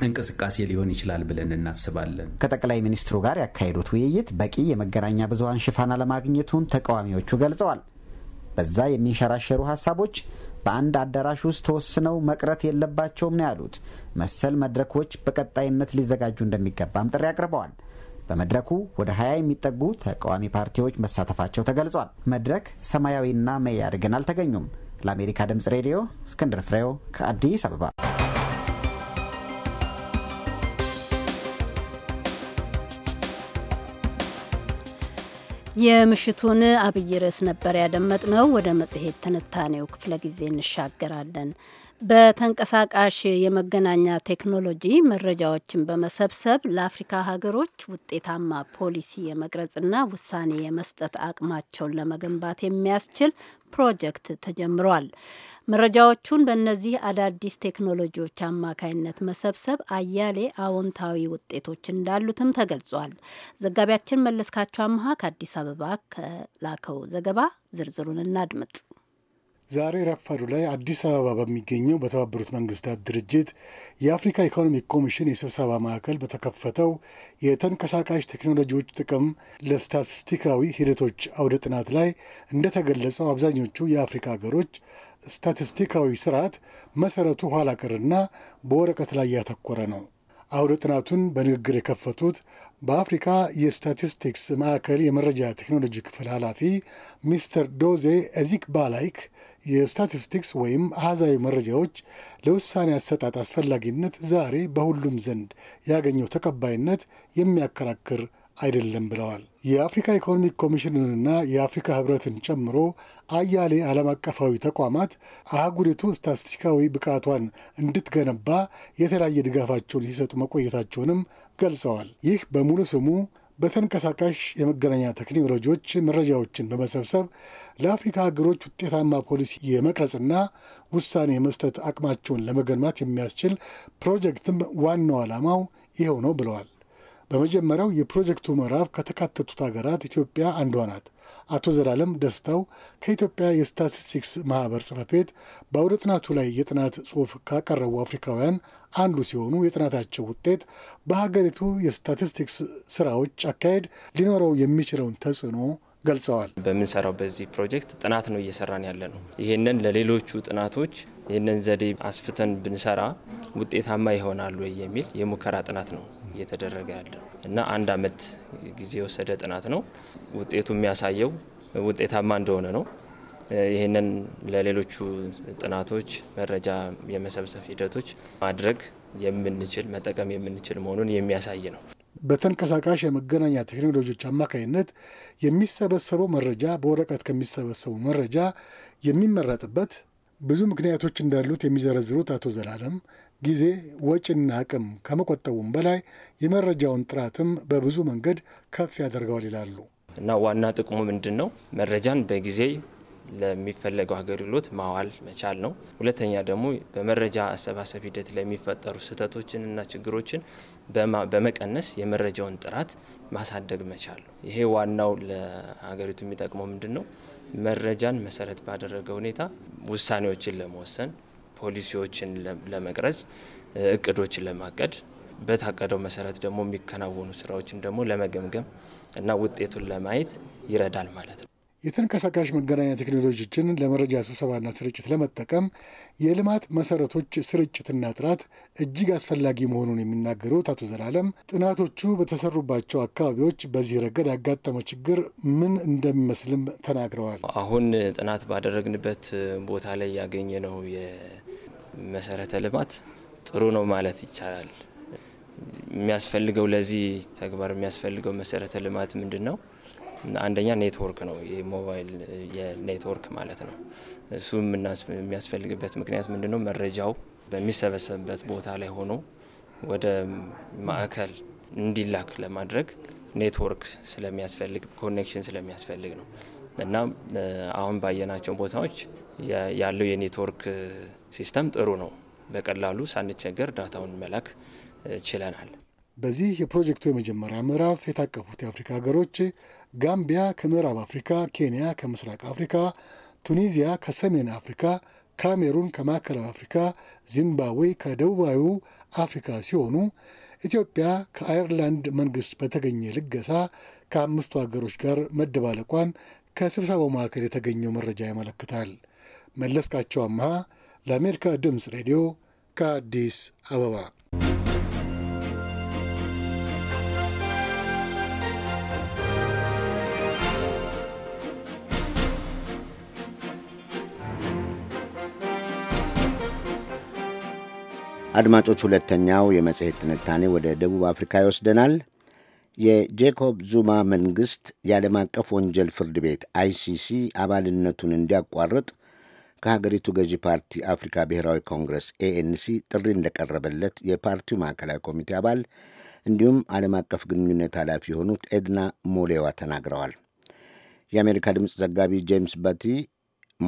እንቅስቃሴ ሊሆን ይችላል ብለን እናስባለን። ከጠቅላይ ሚኒስትሩ ጋር ያካሄዱት ውይይት በቂ የመገናኛ ብዙሀን ሽፋን አለማግኘቱን ተቃዋሚዎቹ ገልጸዋል። በዛ የሚንሸራሸሩ ሀሳቦች በአንድ አዳራሽ ውስጥ ተወስነው መቅረት የለባቸውም ነው ያሉት። መሰል መድረኮች በቀጣይነት ሊዘጋጁ እንደሚገባም ጥሪ አቅርበዋል። በመድረኩ ወደ ሀያ የሚጠጉ ተቃዋሚ ፓርቲዎች መሳተፋቸው ተገልጿል። መድረክ ሰማያዊና መያድ ግን አልተገኙም። ለአሜሪካ ድምፅ ሬዲዮ እስክንድር ፍሬው ከአዲስ አበባ የምሽቱን አብይ ርዕስ ነበር ያደመጥነው። ወደ መጽሔት ትንታኔው ክፍለ ጊዜ እንሻገራለን። በተንቀሳቃሽ የመገናኛ ቴክኖሎጂ መረጃዎችን በመሰብሰብ ለአፍሪካ ሀገሮች ውጤታማ ፖሊሲ የመቅረጽና ውሳኔ የመስጠት አቅማቸውን ለመገንባት የሚያስችል ፕሮጀክት ተጀምሯል። መረጃዎቹን በእነዚህ አዳዲስ ቴክኖሎጂዎች አማካይነት መሰብሰብ አያሌ አዎንታዊ ውጤቶች እንዳሉትም ተገልጿል። ዘጋቢያችን መለስካቸው አምሃ ከአዲስ አበባ ከላከው ዘገባ ዝርዝሩን እናድምጥ። ዛሬ ረፋዱ ላይ አዲስ አበባ በሚገኘው በተባበሩት መንግስታት ድርጅት የአፍሪካ ኢኮኖሚክ ኮሚሽን የስብሰባ ማዕከል በተከፈተው የተንቀሳቃሽ ቴክኖሎጂዎች ጥቅም ለስታቲስቲካዊ ሂደቶች አውደ ጥናት ላይ እንደተገለጸው አብዛኞቹ የአፍሪካ ሀገሮች ስታቲስቲካዊ ስርዓት መሰረቱ ኋላ ቀርና በወረቀት ላይ ያተኮረ ነው። አውደ ጥናቱን በንግግር የከፈቱት በአፍሪካ የስታቲስቲክስ ማዕከል የመረጃ ቴክኖሎጂ ክፍል ኃላፊ ሚስተር ዶዜ እዚክ ባላይክ የስታቲስቲክስ ወይም አሃዛዊ መረጃዎች ለውሳኔ አሰጣጥ አስፈላጊነት ዛሬ በሁሉም ዘንድ ያገኘው ተቀባይነት የሚያከራክር አይደለም ብለዋል። የአፍሪካ ኢኮኖሚክ ኮሚሽንንና የአፍሪካ ህብረትን ጨምሮ አያሌ ዓለም አቀፋዊ ተቋማት አህጉሪቱ ስታትስቲካዊ ብቃቷን እንድትገነባ የተለያየ ድጋፋቸውን ሲሰጡ መቆየታቸውንም ገልጸዋል። ይህ በሙሉ ስሙ በተንቀሳቃሽ የመገናኛ ቴክኖሎጂዎች መረጃዎችን በመሰብሰብ ለአፍሪካ ሀገሮች ውጤታማ ፖሊሲ የመቅረጽና ውሳኔ የመስጠት አቅማቸውን ለመገንባት የሚያስችል ፕሮጀክትም ዋናው ዓላማው ይኸው ነው ብለዋል። በመጀመሪያው የፕሮጀክቱ ምዕራፍ ከተካተቱት ሀገራት ኢትዮጵያ አንዷ ናት። አቶ ዘላለም ደስታው ከኢትዮጵያ የስታቲስቲክስ ማህበር ጽህፈት ቤት በአውደ ጥናቱ ላይ የጥናት ጽሑፍ ካቀረቡ አፍሪካውያን አንዱ ሲሆኑ የጥናታቸው ውጤት በሀገሪቱ የስታቲስቲክስ ስራዎች አካሄድ ሊኖረው የሚችለውን ተጽዕኖ ገልጸዋል። በምንሰራው በዚህ ፕሮጀክት ጥናት ነው እየሰራን ያለ ነው። ይህንን ለሌሎቹ ጥናቶች ይህንን ዘዴ አስፍተን ብንሰራ ውጤታማ ይሆናሉ የሚል የሙከራ ጥናት ነው እየተደረገ ያለ እና አንድ አመት ጊዜ የወሰደ ጥናት ነው። ውጤቱ የሚያሳየው ውጤታማ እንደሆነ ነው። ይህንን ለሌሎቹ ጥናቶች መረጃ የመሰብሰብ ሂደቶች ማድረግ የምንችል መጠቀም የምንችል መሆኑን የሚያሳይ ነው። በተንቀሳቃሽ የመገናኛ ቴክኖሎጂዎች አማካኝነት የሚሰበሰበው መረጃ በወረቀት ከሚሰበሰቡ መረጃ የሚመረጥበት ብዙ ምክንያቶች እንዳሉት የሚዘረዝሩት አቶ ዘላለም ጊዜ፣ ወጪና አቅም ከመቆጠቡም በላይ የመረጃውን ጥራትም በብዙ መንገድ ከፍ ያደርገዋል ይላሉ። እና ዋና ጥቅሙ ምንድን ነው? መረጃን በጊዜ ለሚፈለገው አገልግሎት ማዋል መቻል ነው። ሁለተኛ ደግሞ በመረጃ አሰባሰብ ሂደት ለሚፈጠሩ ስህተቶችን እና ችግሮችን በመቀነስ የመረጃውን ጥራት ማሳደግ መቻል ነው። ይሄ ዋናው ለሀገሪቱ የሚጠቅመው ምንድን ነው? መረጃን መሰረት ባደረገ ሁኔታ ውሳኔዎችን ለመወሰን ፖሊሲዎችን ለመቅረጽ፣ እቅዶችን ለማቀድ በታቀደው መሰረት ደግሞ የሚከናወኑ ስራዎችን ደግሞ ለመገምገም እና ውጤቱን ለማየት ይረዳል ማለት ነው። የተንቀሳቃሽ መገናኛ ቴክኖሎጂዎችን ለመረጃ ስብሰባና ስርጭት ለመጠቀም የልማት መሰረቶች ስርጭትና ጥራት እጅግ አስፈላጊ መሆኑን የሚናገሩት አቶ ዘላለም ጥናቶቹ በተሰሩባቸው አካባቢዎች በዚህ ረገድ ያጋጠመው ችግር ምን እንደሚመስልም ተናግረዋል። አሁን ጥናት ባደረግንበት ቦታ ላይ ያገኘ ነው የመሰረተ ልማት ጥሩ ነው ማለት ይቻላል። የሚያስፈልገው ለዚህ ተግባር የሚያስፈልገው መሰረተ ልማት ምንድን ነው? አንደኛ ኔትወርክ ነው። የሞባይል የኔትወርክ ማለት ነው። እሱም የሚያስፈልግበት ምክንያት ምንድነው? መረጃው በሚሰበሰብበት ቦታ ላይ ሆኖ ወደ ማዕከል እንዲላክ ለማድረግ ኔትወርክ ስለሚያስፈልግ ኮኔክሽን ስለሚያስፈልግ ነው። እና አሁን ባየናቸው ቦታዎች ያለው የኔትወርክ ሲስተም ጥሩ ነው። በቀላሉ ሳንቸገር ዳታውን መላክ ችለናል። በዚህ የፕሮጀክቱ የመጀመሪያ ምዕራፍ የታቀፉት የአፍሪካ ሀገሮች ጋምቢያ ከምዕራብ አፍሪካ፣ ኬንያ ከምስራቅ አፍሪካ፣ ቱኒዚያ ከሰሜን አፍሪካ፣ ካሜሩን ከማዕከላዊ አፍሪካ፣ ዚምባብዌ ከደቡባዊ አፍሪካ ሲሆኑ ኢትዮጵያ ከአየርላንድ መንግስት በተገኘ ልገሳ ከአምስቱ ሀገሮች ጋር መደባለቋን ከስብሰባው መካከል የተገኘው መረጃ ያመለክታል። መለስካቸው አመሃ ለአሜሪካ ድምፅ ሬዲዮ ከአዲስ አበባ አድማጮች፣ ሁለተኛው የመጽሔት ትንታኔ ወደ ደቡብ አፍሪካ ይወስደናል። የጄኮብ ዙማ መንግሥት የዓለም አቀፍ ወንጀል ፍርድ ቤት አይሲሲ አባልነቱን እንዲያቋርጥ ከሀገሪቱ ገዢ ፓርቲ አፍሪካ ብሔራዊ ኮንግረስ ኤኤንሲ ጥሪ እንደቀረበለት የፓርቲው ማዕከላዊ ኮሚቴ አባል እንዲሁም ዓለም አቀፍ ግንኙነት ኃላፊ የሆኑት ኤድና ሞሌዋ ተናግረዋል። የአሜሪካ ድምፅ ዘጋቢ ጄምስ ባቲ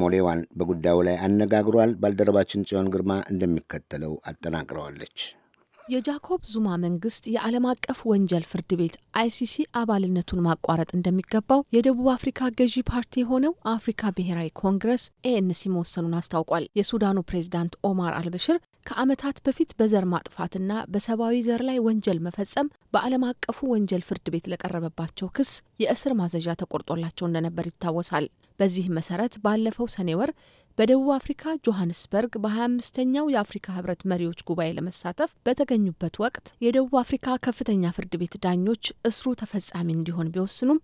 ሞሌዋን በጉዳዩ ላይ አነጋግሯል። ባልደረባችን ጽዮን ግርማ እንደሚከተለው አጠናቅረዋለች። የጃኮብ ዙማ መንግስት የዓለም አቀፍ ወንጀል ፍርድ ቤት አይሲሲ አባልነቱን ማቋረጥ እንደሚገባው የደቡብ አፍሪካ ገዢ ፓርቲ የሆነው አፍሪካ ብሔራዊ ኮንግረስ ኤኤንሲ መወሰኑን አስታውቋል። የሱዳኑ ፕሬዝዳንት ኦማር አልበሽር ከዓመታት በፊት በዘር ማጥፋትና በሰብአዊ ዘር ላይ ወንጀል መፈጸም በዓለም አቀፉ ወንጀል ፍርድ ቤት ለቀረበባቸው ክስ የእስር ማዘዣ ተቆርጦላቸው እንደነበር ይታወሳል። በዚህ መሰረት ባለፈው ሰኔ ወር በደቡብ አፍሪካ ጆሀንስበርግ በ25ኛው የአፍሪካ ህብረት መሪዎች ጉባኤ ለመሳተፍ በተገኙበት ወቅት የደቡብ አፍሪካ ከፍተኛ ፍርድ ቤት ዳኞች እስሩ ተፈጻሚ እንዲሆን ቢወስኑም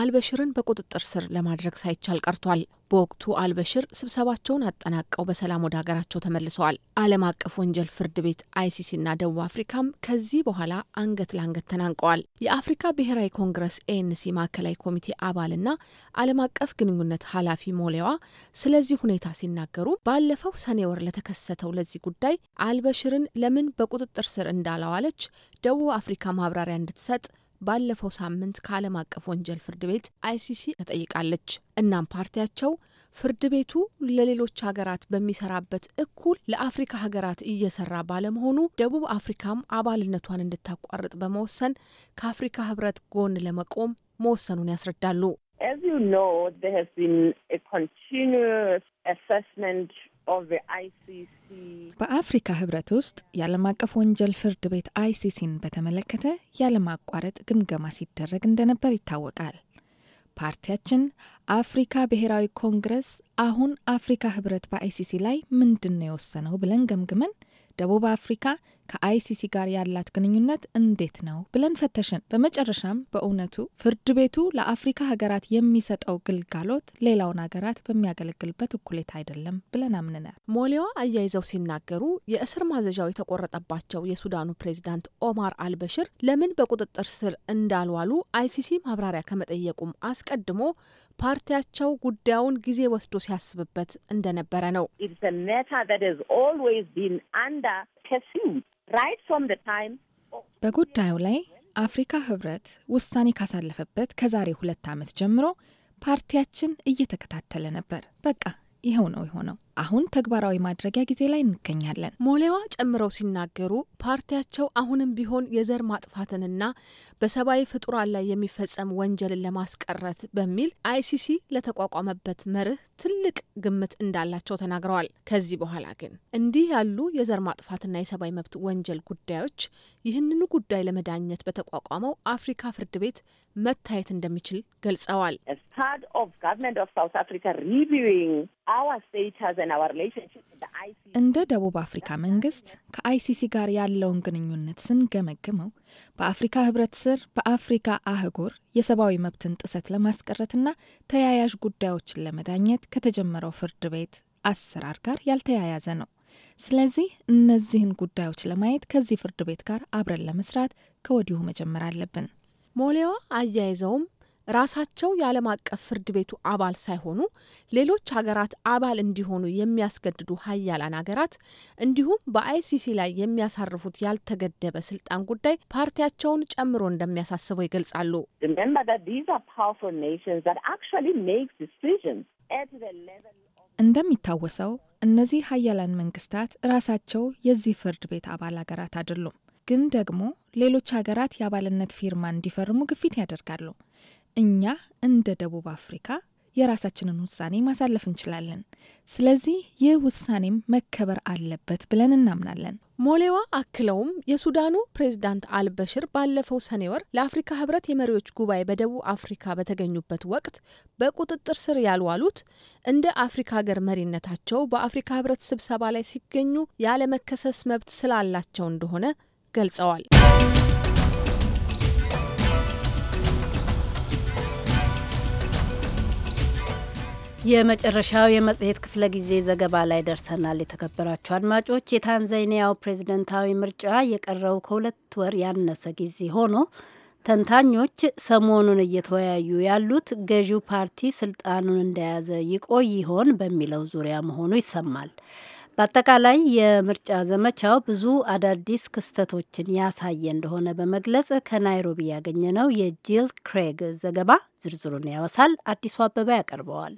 አልበሽርን በቁጥጥር ስር ለማድረግ ሳይቻል ቀርቷል። በወቅቱ አልበሽር ስብሰባቸውን አጠናቀው በሰላም ወደ ሀገራቸው ተመልሰዋል። ዓለም አቀፍ ወንጀል ፍርድ ቤት አይሲሲና ደቡብ አፍሪካም ከዚህ በኋላ አንገት ለአንገት ተናንቀዋል። የአፍሪካ ብሔራዊ ኮንግረስ ኤንሲ ማዕከላዊ ኮሚቴ አባልና ዓለም አቀፍ ግንኙነት ኃላፊ ሞሌዋ ስለዚህ ሁኔታ ሲናገሩ ባለፈው ሰኔ ወር ለተከሰተው ለዚህ ጉዳይ አልበሽርን ለምን በቁጥጥር ስር እንዳላዋለች ደቡብ አፍሪካ ማብራሪያ እንድትሰጥ ባለፈው ሳምንት ከዓለም አቀፍ ወንጀል ፍርድ ቤት አይሲሲ ተጠይቃለች። እናም ፓርቲያቸው ፍርድ ቤቱ ለሌሎች ሀገራት በሚሰራበት እኩል ለአፍሪካ ሀገራት እየሰራ ባለመሆኑ ደቡብ አፍሪካም አባልነቷን እንድታቋርጥ በመወሰን ከአፍሪካ ሕብረት ጎን ለመቆም መወሰኑን ያስረዳሉ። As you know, there has been a continuous assessment በአፍሪካ ህብረት ውስጥ የዓለም አቀፍ ወንጀል ፍርድ ቤት አይሲሲን በተመለከተ ያለማቋረጥ ግምገማ ሲደረግ እንደነበር ይታወቃል። ፓርቲያችን አፍሪካ ብሔራዊ ኮንግረስ አሁን አፍሪካ ህብረት በአይሲሲ ላይ ምንድን ነው የወሰነው ብለን ገምግመን ደቡብ አፍሪካ ከአይሲሲ ጋር ያላት ግንኙነት እንዴት ነው ብለን ፈተሽን። በመጨረሻም በእውነቱ ፍርድ ቤቱ ለአፍሪካ ሀገራት የሚሰጠው ግልጋሎት ሌላውን ሀገራት በሚያገለግልበት እኩሌታ አይደለም ብለን አምንናል። ሞሊዋ አያይዘው ሲናገሩ የእስር ማዘዣው የተቆረጠባቸው የሱዳኑ ፕሬዚዳንት ኦማር አልበሽር ለምን በቁጥጥር ስር እንዳልዋሉ አይሲሲ ማብራሪያ ከመጠየቁም አስቀድሞ ፓርቲያቸው ጉዳዩን ጊዜ ወስዶ ሲያስብበት እንደነበረ ነው። በጉዳዩ ላይ አፍሪካ ህብረት ውሳኔ ካሳለፈበት ከዛሬ ሁለት ዓመት ጀምሮ ፓርቲያችን እየተከታተለ ነበር። በቃ ይኸው ነው የሆነው። አሁን ተግባራዊ ማድረጊያ ጊዜ ላይ እንገኛለን። ሞሌዋ ጨምረው ሲናገሩ ፓርቲያቸው አሁንም ቢሆን የዘር ማጥፋትንና በሰብአዊ ፍጡራን ላይ የሚፈጸም ወንጀልን ለማስቀረት በሚል አይሲሲ ለተቋቋመበት መርህ ትልቅ ግምት እንዳላቸው ተናግረዋል። ከዚህ በኋላ ግን እንዲህ ያሉ የዘር ማጥፋትና የሰብአዊ መብት ወንጀል ጉዳዮች ይህንኑ ጉዳይ ለመዳኘት በተቋቋመው አፍሪካ ፍርድ ቤት መታየት እንደሚችል ገልጸዋል። እንደ ደቡብ አፍሪካ መንግስት ከአይሲሲ ጋር ያለውን ግንኙነት ስንገመግመው በአፍሪካ ህብረት ስር በአፍሪካ አህጉር የሰብአዊ መብትን ጥሰት ለማስቀረትና ተያያዥ ጉዳዮችን ለመዳኘት ከተጀመረው ፍርድ ቤት አሰራር ጋር ያልተያያዘ ነው። ስለዚህ እነዚህን ጉዳዮች ለማየት ከዚህ ፍርድ ቤት ጋር አብረን ለመስራት ከወዲሁ መጀመር አለብን። ሞሌዋ አያይዘውም ራሳቸው የዓለም አቀፍ ፍርድ ቤቱ አባል ሳይሆኑ ሌሎች ሀገራት አባል እንዲሆኑ የሚያስገድዱ ሀያላን ሀገራት እንዲሁም በአይሲሲ ላይ የሚያሳርፉት ያልተገደበ ስልጣን ጉዳይ ፓርቲያቸውን ጨምሮ እንደሚያሳስበው ይገልጻሉ። እንደሚታወሰው እነዚህ ሀያላን መንግስታት ራሳቸው የዚህ ፍርድ ቤት አባል ሀገራት አይደሉም፣ ግን ደግሞ ሌሎች ሀገራት የአባልነት ፊርማ እንዲፈርሙ ግፊት ያደርጋሉ። እኛ እንደ ደቡብ አፍሪካ የራሳችንን ውሳኔ ማሳለፍ እንችላለን። ስለዚህ ይህ ውሳኔም መከበር አለበት ብለን እናምናለን። ሞሌዋ አክለውም የሱዳኑ ፕሬዝዳንት አልበሽር ባለፈው ሰኔ ወር ለአፍሪካ ህብረት የመሪዎች ጉባኤ በደቡብ አፍሪካ በተገኙበት ወቅት በቁጥጥር ስር ያልዋሉት እንደ አፍሪካ ሀገር መሪነታቸው በአፍሪካ ህብረት ስብሰባ ላይ ሲገኙ ያለመከሰስ መብት ስላላቸው እንደሆነ ገልጸዋል። የመጨረሻው የመጽሔት ክፍለ ጊዜ ዘገባ ላይ ደርሰናል። የተከበራችሁ አድማጮች፣ የታንዛኒያው ፕሬዝደንታዊ ምርጫ የቀረው ከሁለት ወር ያነሰ ጊዜ ሆኖ ተንታኞች ሰሞኑን እየተወያዩ ያሉት ገዢው ፓርቲ ስልጣኑን እንደያዘ ይቆይ ይሆን በሚለው ዙሪያ መሆኑ ይሰማል። በአጠቃላይ የምርጫ ዘመቻው ብዙ አዳዲስ ክስተቶችን ያሳየ እንደሆነ በመግለጽ ከናይሮቢ ያገኘነው የጂል ክሬግ ዘገባ ዝርዝሩን ያወሳል። አዲሱ አበባ ያቀርበዋል።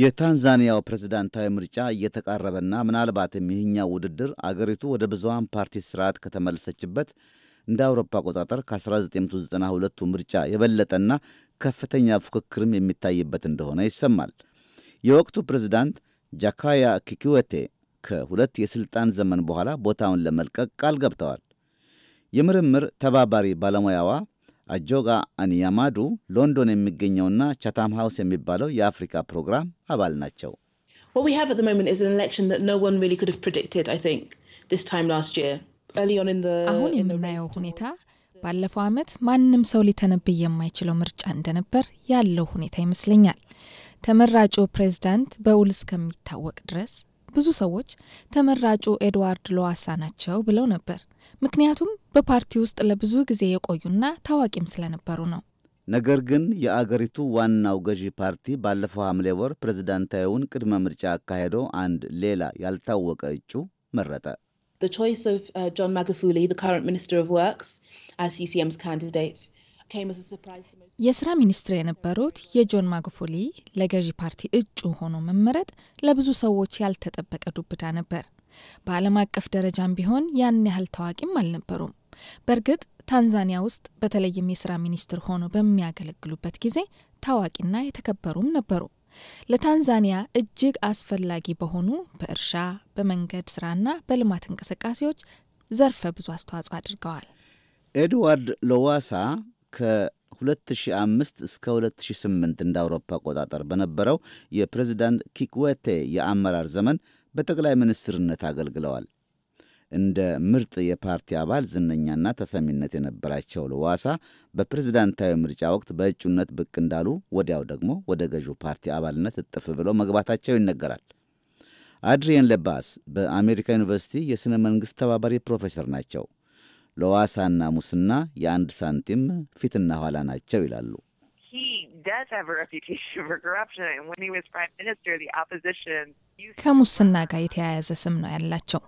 የታንዛኒያው ፕሬዝዳንታዊ ምርጫ እየተቃረበና ምናልባትም ይህኛው ውድድር አገሪቱ ወደ ብዙሃን ፓርቲ ስርዓት ከተመለሰችበት እንደ አውሮፓ አቆጣጠር ከ1992ቱ ምርጫ የበለጠና ከፍተኛ ፉክክርም የሚታይበት እንደሆነ ይሰማል። የወቅቱ ፕሬዝዳንት ጃካያ ኪኪዌቴ ከሁለት የሥልጣን ዘመን በኋላ ቦታውን ለመልቀቅ ቃል ገብተዋል። የምርምር ተባባሪ ባለሙያዋ አጆጋ አኒያማዱ ሎንዶን የሚገኘውና ቻታም ሃውስ የሚባለው የአፍሪካ ፕሮግራም አባል ናቸው። አሁን የምናየው ሁኔታ ባለፈው ዓመት ማንም ሰው ሊተነብይ የማይችለው ምርጫ እንደነበር ያለው ሁኔታ ይመስለኛል። ተመራጩ ፕሬዝዳንት በውል እስከሚታወቅ ድረስ ብዙ ሰዎች ተመራጩ ኤድዋርድ ሎዋሳ ናቸው ብለው ነበር። ምክንያቱም በፓርቲ ውስጥ ለብዙ ጊዜ የቆዩና ታዋቂም ስለነበሩ ነው። ነገር ግን የአገሪቱ ዋናው ገዢ ፓርቲ ባለፈው ሐምሌ ወር ፕሬዝዳንታዊውን ቅድመ ምርጫ አካሄዶ አንድ ሌላ ያልታወቀ እጩ መረጠ። ጆን uh, የስራ ሚኒስትር የነበሩት የጆን ማጉፉሊ ለገዢ ፓርቲ እጩ ሆኖ መመረጥ ለብዙ ሰዎች ያልተጠበቀ ዱብዳ ነበር። በዓለም አቀፍ ደረጃም ቢሆን ያን ያህል ታዋቂም አልነበሩም። በእርግጥ ታንዛኒያ ውስጥ በተለይም የስራ ሚኒስትር ሆነው በሚያገለግሉበት ጊዜ ታዋቂና የተከበሩም ነበሩ። ለታንዛኒያ እጅግ አስፈላጊ በሆኑ በእርሻ በመንገድ ስራና በልማት እንቅስቃሴዎች ዘርፈ ብዙ አስተዋጽኦ አድርገዋል። ኤድዋርድ ሎዋሳ ከ2005 እስከ 2008 እንደ አውሮፓ አቆጣጠር በነበረው የፕሬዚዳንት ኪክዌቴ የአመራር ዘመን በጠቅላይ ሚኒስትርነት አገልግለዋል። እንደ ምርጥ የፓርቲ አባል ዝነኛና ተሰሚነት የነበራቸው ለዋሳ በፕሬዝዳንታዊ ምርጫ ወቅት በእጩነት ብቅ እንዳሉ ወዲያው ደግሞ ወደ ገዢው ፓርቲ አባልነት እጥፍ ብለው መግባታቸው ይነገራል። አድሪየን ለባስ በአሜሪካ ዩኒቨርሲቲ የሥነ መንግሥት ተባባሪ ፕሮፌሰር ናቸው። ለዋሳና ሙስና የአንድ ሳንቲም ፊትና ኋላ ናቸው ይላሉ። ከሙስና ጋር የተያያዘ ስም ነው ያላቸው።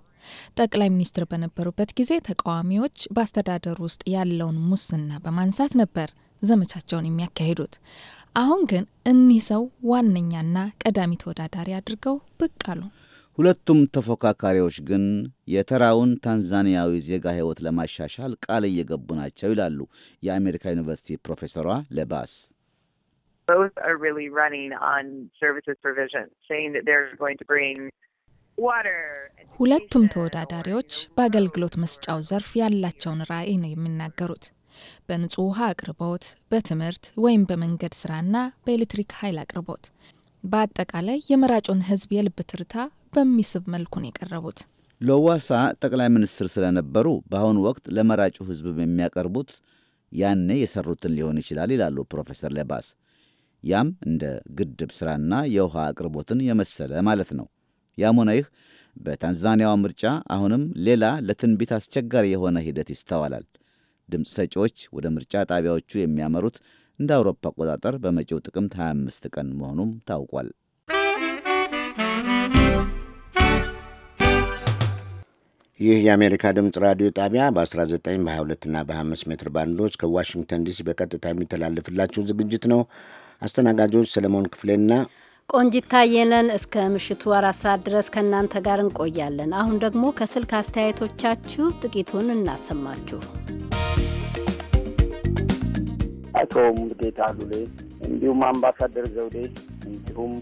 ጠቅላይ ሚኒስትር በነበሩበት ጊዜ ተቃዋሚዎች በአስተዳደሩ ውስጥ ያለውን ሙስና በማንሳት ነበር ዘመቻቸውን የሚያካሂዱት። አሁን ግን እኒህ ሰው ዋነኛና ቀዳሚ ተወዳዳሪ አድርገው ብቅ አሉ። ሁለቱም ተፎካካሪዎች ግን የተራውን ታንዛኒያዊ ዜጋ ሕይወት ለማሻሻል ቃል እየገቡ ናቸው ይላሉ የአሜሪካ ዩኒቨርሲቲ ፕሮፌሰሯ ለባስ። both are really running on services provision, saying that they're going to bring ሁለቱም ተወዳዳሪዎች በአገልግሎት መስጫው ዘርፍ ያላቸውን ራዕይ ነው የሚናገሩት። በንጹህ ውሃ አቅርቦት፣ በትምህርት ወይም በመንገድ ስራና በኤሌክትሪክ ኃይል አቅርቦት፣ በአጠቃላይ የመራጮን ህዝብ የልብ ትርታ በሚስብ መልኩ ነው የቀረቡት። ሎዋሳ ጠቅላይ ሚኒስትር ስለነበሩ በአሁኑ ወቅት ለመራጩ ህዝብ የሚያቀርቡት ያኔ የሰሩትን ሊሆን ይችላል ይላሉ ፕሮፌሰር ሌባስ። ያም እንደ ግድብ ስራና የውሃ አቅርቦትን የመሰለ ማለት ነው። ያም ሆነ ይህ በታንዛኒያዋ ምርጫ አሁንም ሌላ ለትንቢት አስቸጋሪ የሆነ ሂደት ይስተዋላል። ድምፅ ሰጪዎች ወደ ምርጫ ጣቢያዎቹ የሚያመሩት እንደ አውሮፓ አቆጣጠር በመጪው ጥቅምት 25 ቀን መሆኑም ታውቋል። ይህ የአሜሪካ ድምፅ ራዲዮ ጣቢያ በ19 በ22 እና በ25 ሜትር ባንዶች ከዋሽንግተን ዲሲ በቀጥታ የሚተላለፍላችሁ ዝግጅት ነው። አስተናጋጆች ሰለሞን ክፍሌና ቆንጂታ የነን እስከ ምሽቱ አራት ሰዓት ድረስ ከእናንተ ጋር እንቆያለን። አሁን ደግሞ ከስልክ አስተያየቶቻችሁ ጥቂቱን እናሰማችሁ። አቶ ሙሉጌታ ሉሌ እንዲሁም አምባሳደር ዘውዴ እንዲሁም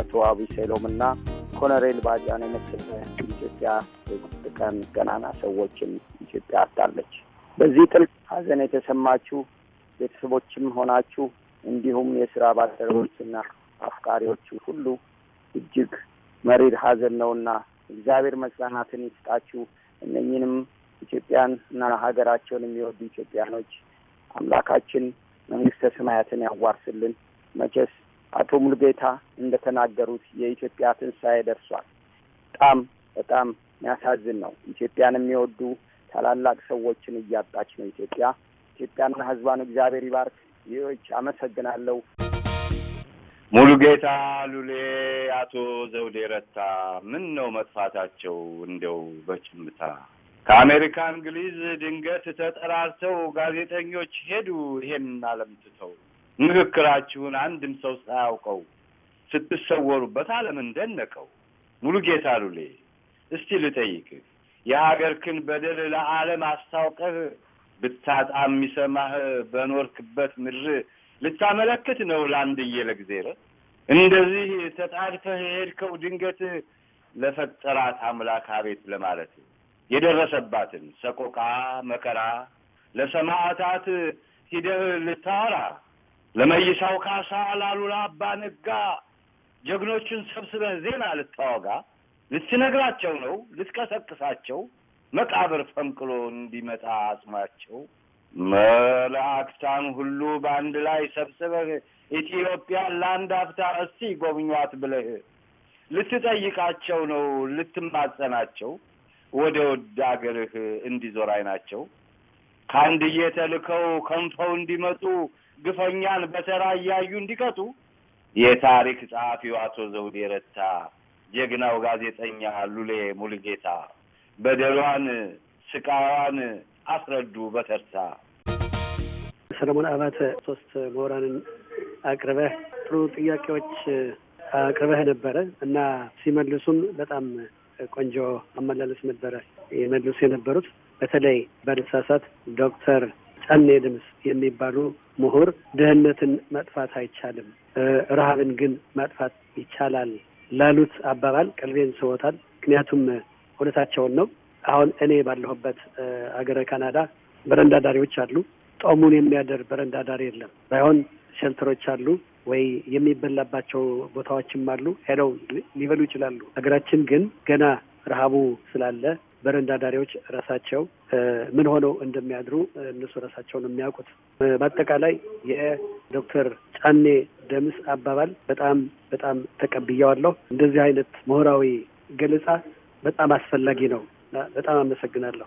አቶ አብይ ሰሎም እና ኮሎኔል ባጃን የመሰለ ኢትዮጵያ የቁርጥ ቀን ገናና ሰዎችን ኢትዮጵያ አጣለች። በዚህ ጥልቅ ሐዘን የተሰማችሁ ቤተሰቦችም ሆናችሁ እንዲሁም የስራ ባልደረቦችና አፍቃሪዎቹ ሁሉ እጅግ መሪር ሀዘን ነውና እግዚአብሔር መጽናናትን ይስጣችሁ። እነኝንም ኢትዮጵያን እና ሀገራቸውን የሚወዱ ኢትዮጵያኖች አምላካችን መንግስተ ሰማያትን ያዋርስልን። መቼስ አቶ ሙሉጌታ እንደተናገሩት የኢትዮጵያ ትንሣኤ ደርሷል። በጣም በጣም የሚያሳዝን ነው። ኢትዮጵያን የሚወዱ ታላላቅ ሰዎችን እያጣች ነው ኢትዮጵያ። ኢትዮጵያና ህዝቧን እግዚአብሔር ይባርክ። ይዎች አመሰግናለሁ። ጌታ ሉሌ፣ አቶ ዘውዴ ረታ ምን ነው መጥፋታቸው እንደው በጭምታ ከአሜሪካ እንግሊዝ ድንገት ተጠራርተው ጋዜጠኞች ሄዱ ይሄን ዓለም ትተው ንግግራችሁን አንድም ሰው ሳያውቀው ስትሰወሩበት ዓለምን ደነቀው። ጌታ ሉሌ እስቲ ልጠይቅህ የሀገርክን በደል ለዓለም አስታውቀህ ብታጣ የሚሰማህ በኖርክበት ምድር ልታመለክት ነው ለአንድዬ ለእግዜር እንደዚህ ተጣድፈህ የሄድከው ድንገት ለፈጠራት አምላክ አቤት ለማለት የደረሰባትን ሰቆቃ መከራ ለሰማዕታት ሂደህ ልታወራ ለመይሳው ካሳ ላሉላ አባ ነጋ ጀግኖችን ሰብስበህ ዜና ልታወጋ ልትነግራቸው ነው ልትቀሰቅሳቸው መቃብር ፈንቅሎ እንዲመጣ አጽማቸው መላእክታን ሁሉ በአንድ ላይ ሰብስበህ ኢትዮጵያን ለአንድ አፍታ እስቲ ጎብኟት ብለህ ልትጠይቃቸው ነው፣ ልትማጸናቸው ወደ ወድ አገርህ እንዲዞር አይናቸው ከአንድዬ ተልከው ከንፈው እንዲመጡ ግፈኛን በተራ እያዩ እንዲቀጡ የታሪክ ጸሐፊው አቶ ዘውዴ ረታ፣ ጀግናው ጋዜጠኛ ሉሌ ሙሉጌታ በደሏን፣ ስቃዋን አስረዱ በተርታ። ሰለሞን አባተ፣ ሶስት ምሁራንን አቅርበህ ጥሩ ጥያቄዎች አቅርበህ ነበረ እና ሲመልሱም በጣም ቆንጆ አመላለስ ነበረ የመልሱ የነበሩት በተለይ በልሳሳት ዶክተር ጫኔ ድምስ የሚባሉ ምሁር ድህነትን መጥፋት አይቻልም፣ ረሃብን ግን መጥፋት ይቻላል ላሉት አባባል ቀልቤን ስቦታል። ምክንያቱም እውነታቸውን ነው። አሁን እኔ ባለሁበት ሀገረ ካናዳ በረንዳ ዳሪዎች አሉ። ጦሙን የሚያደር በረንዳ ዳሪ የለም። ባይሆን ሸልተሮች አሉ ወይ የሚበላባቸው ቦታዎችም አሉ። ሄደው ሊበሉ ይችላሉ። ሀገራችን ግን ገና ረሃቡ ስላለ በረንዳ ዳሪዎች ራሳቸው ምን ሆነው እንደሚያድሩ እነሱ ራሳቸውን የሚያውቁት። በአጠቃላይ የዶክተር ጫኔ ደምስ አባባል በጣም በጣም ተቀብያዋለሁ። እንደዚህ አይነት ምሁራዊ ገለጻ በጣም አስፈላጊ ነው። በጣም አመሰግናለሁ።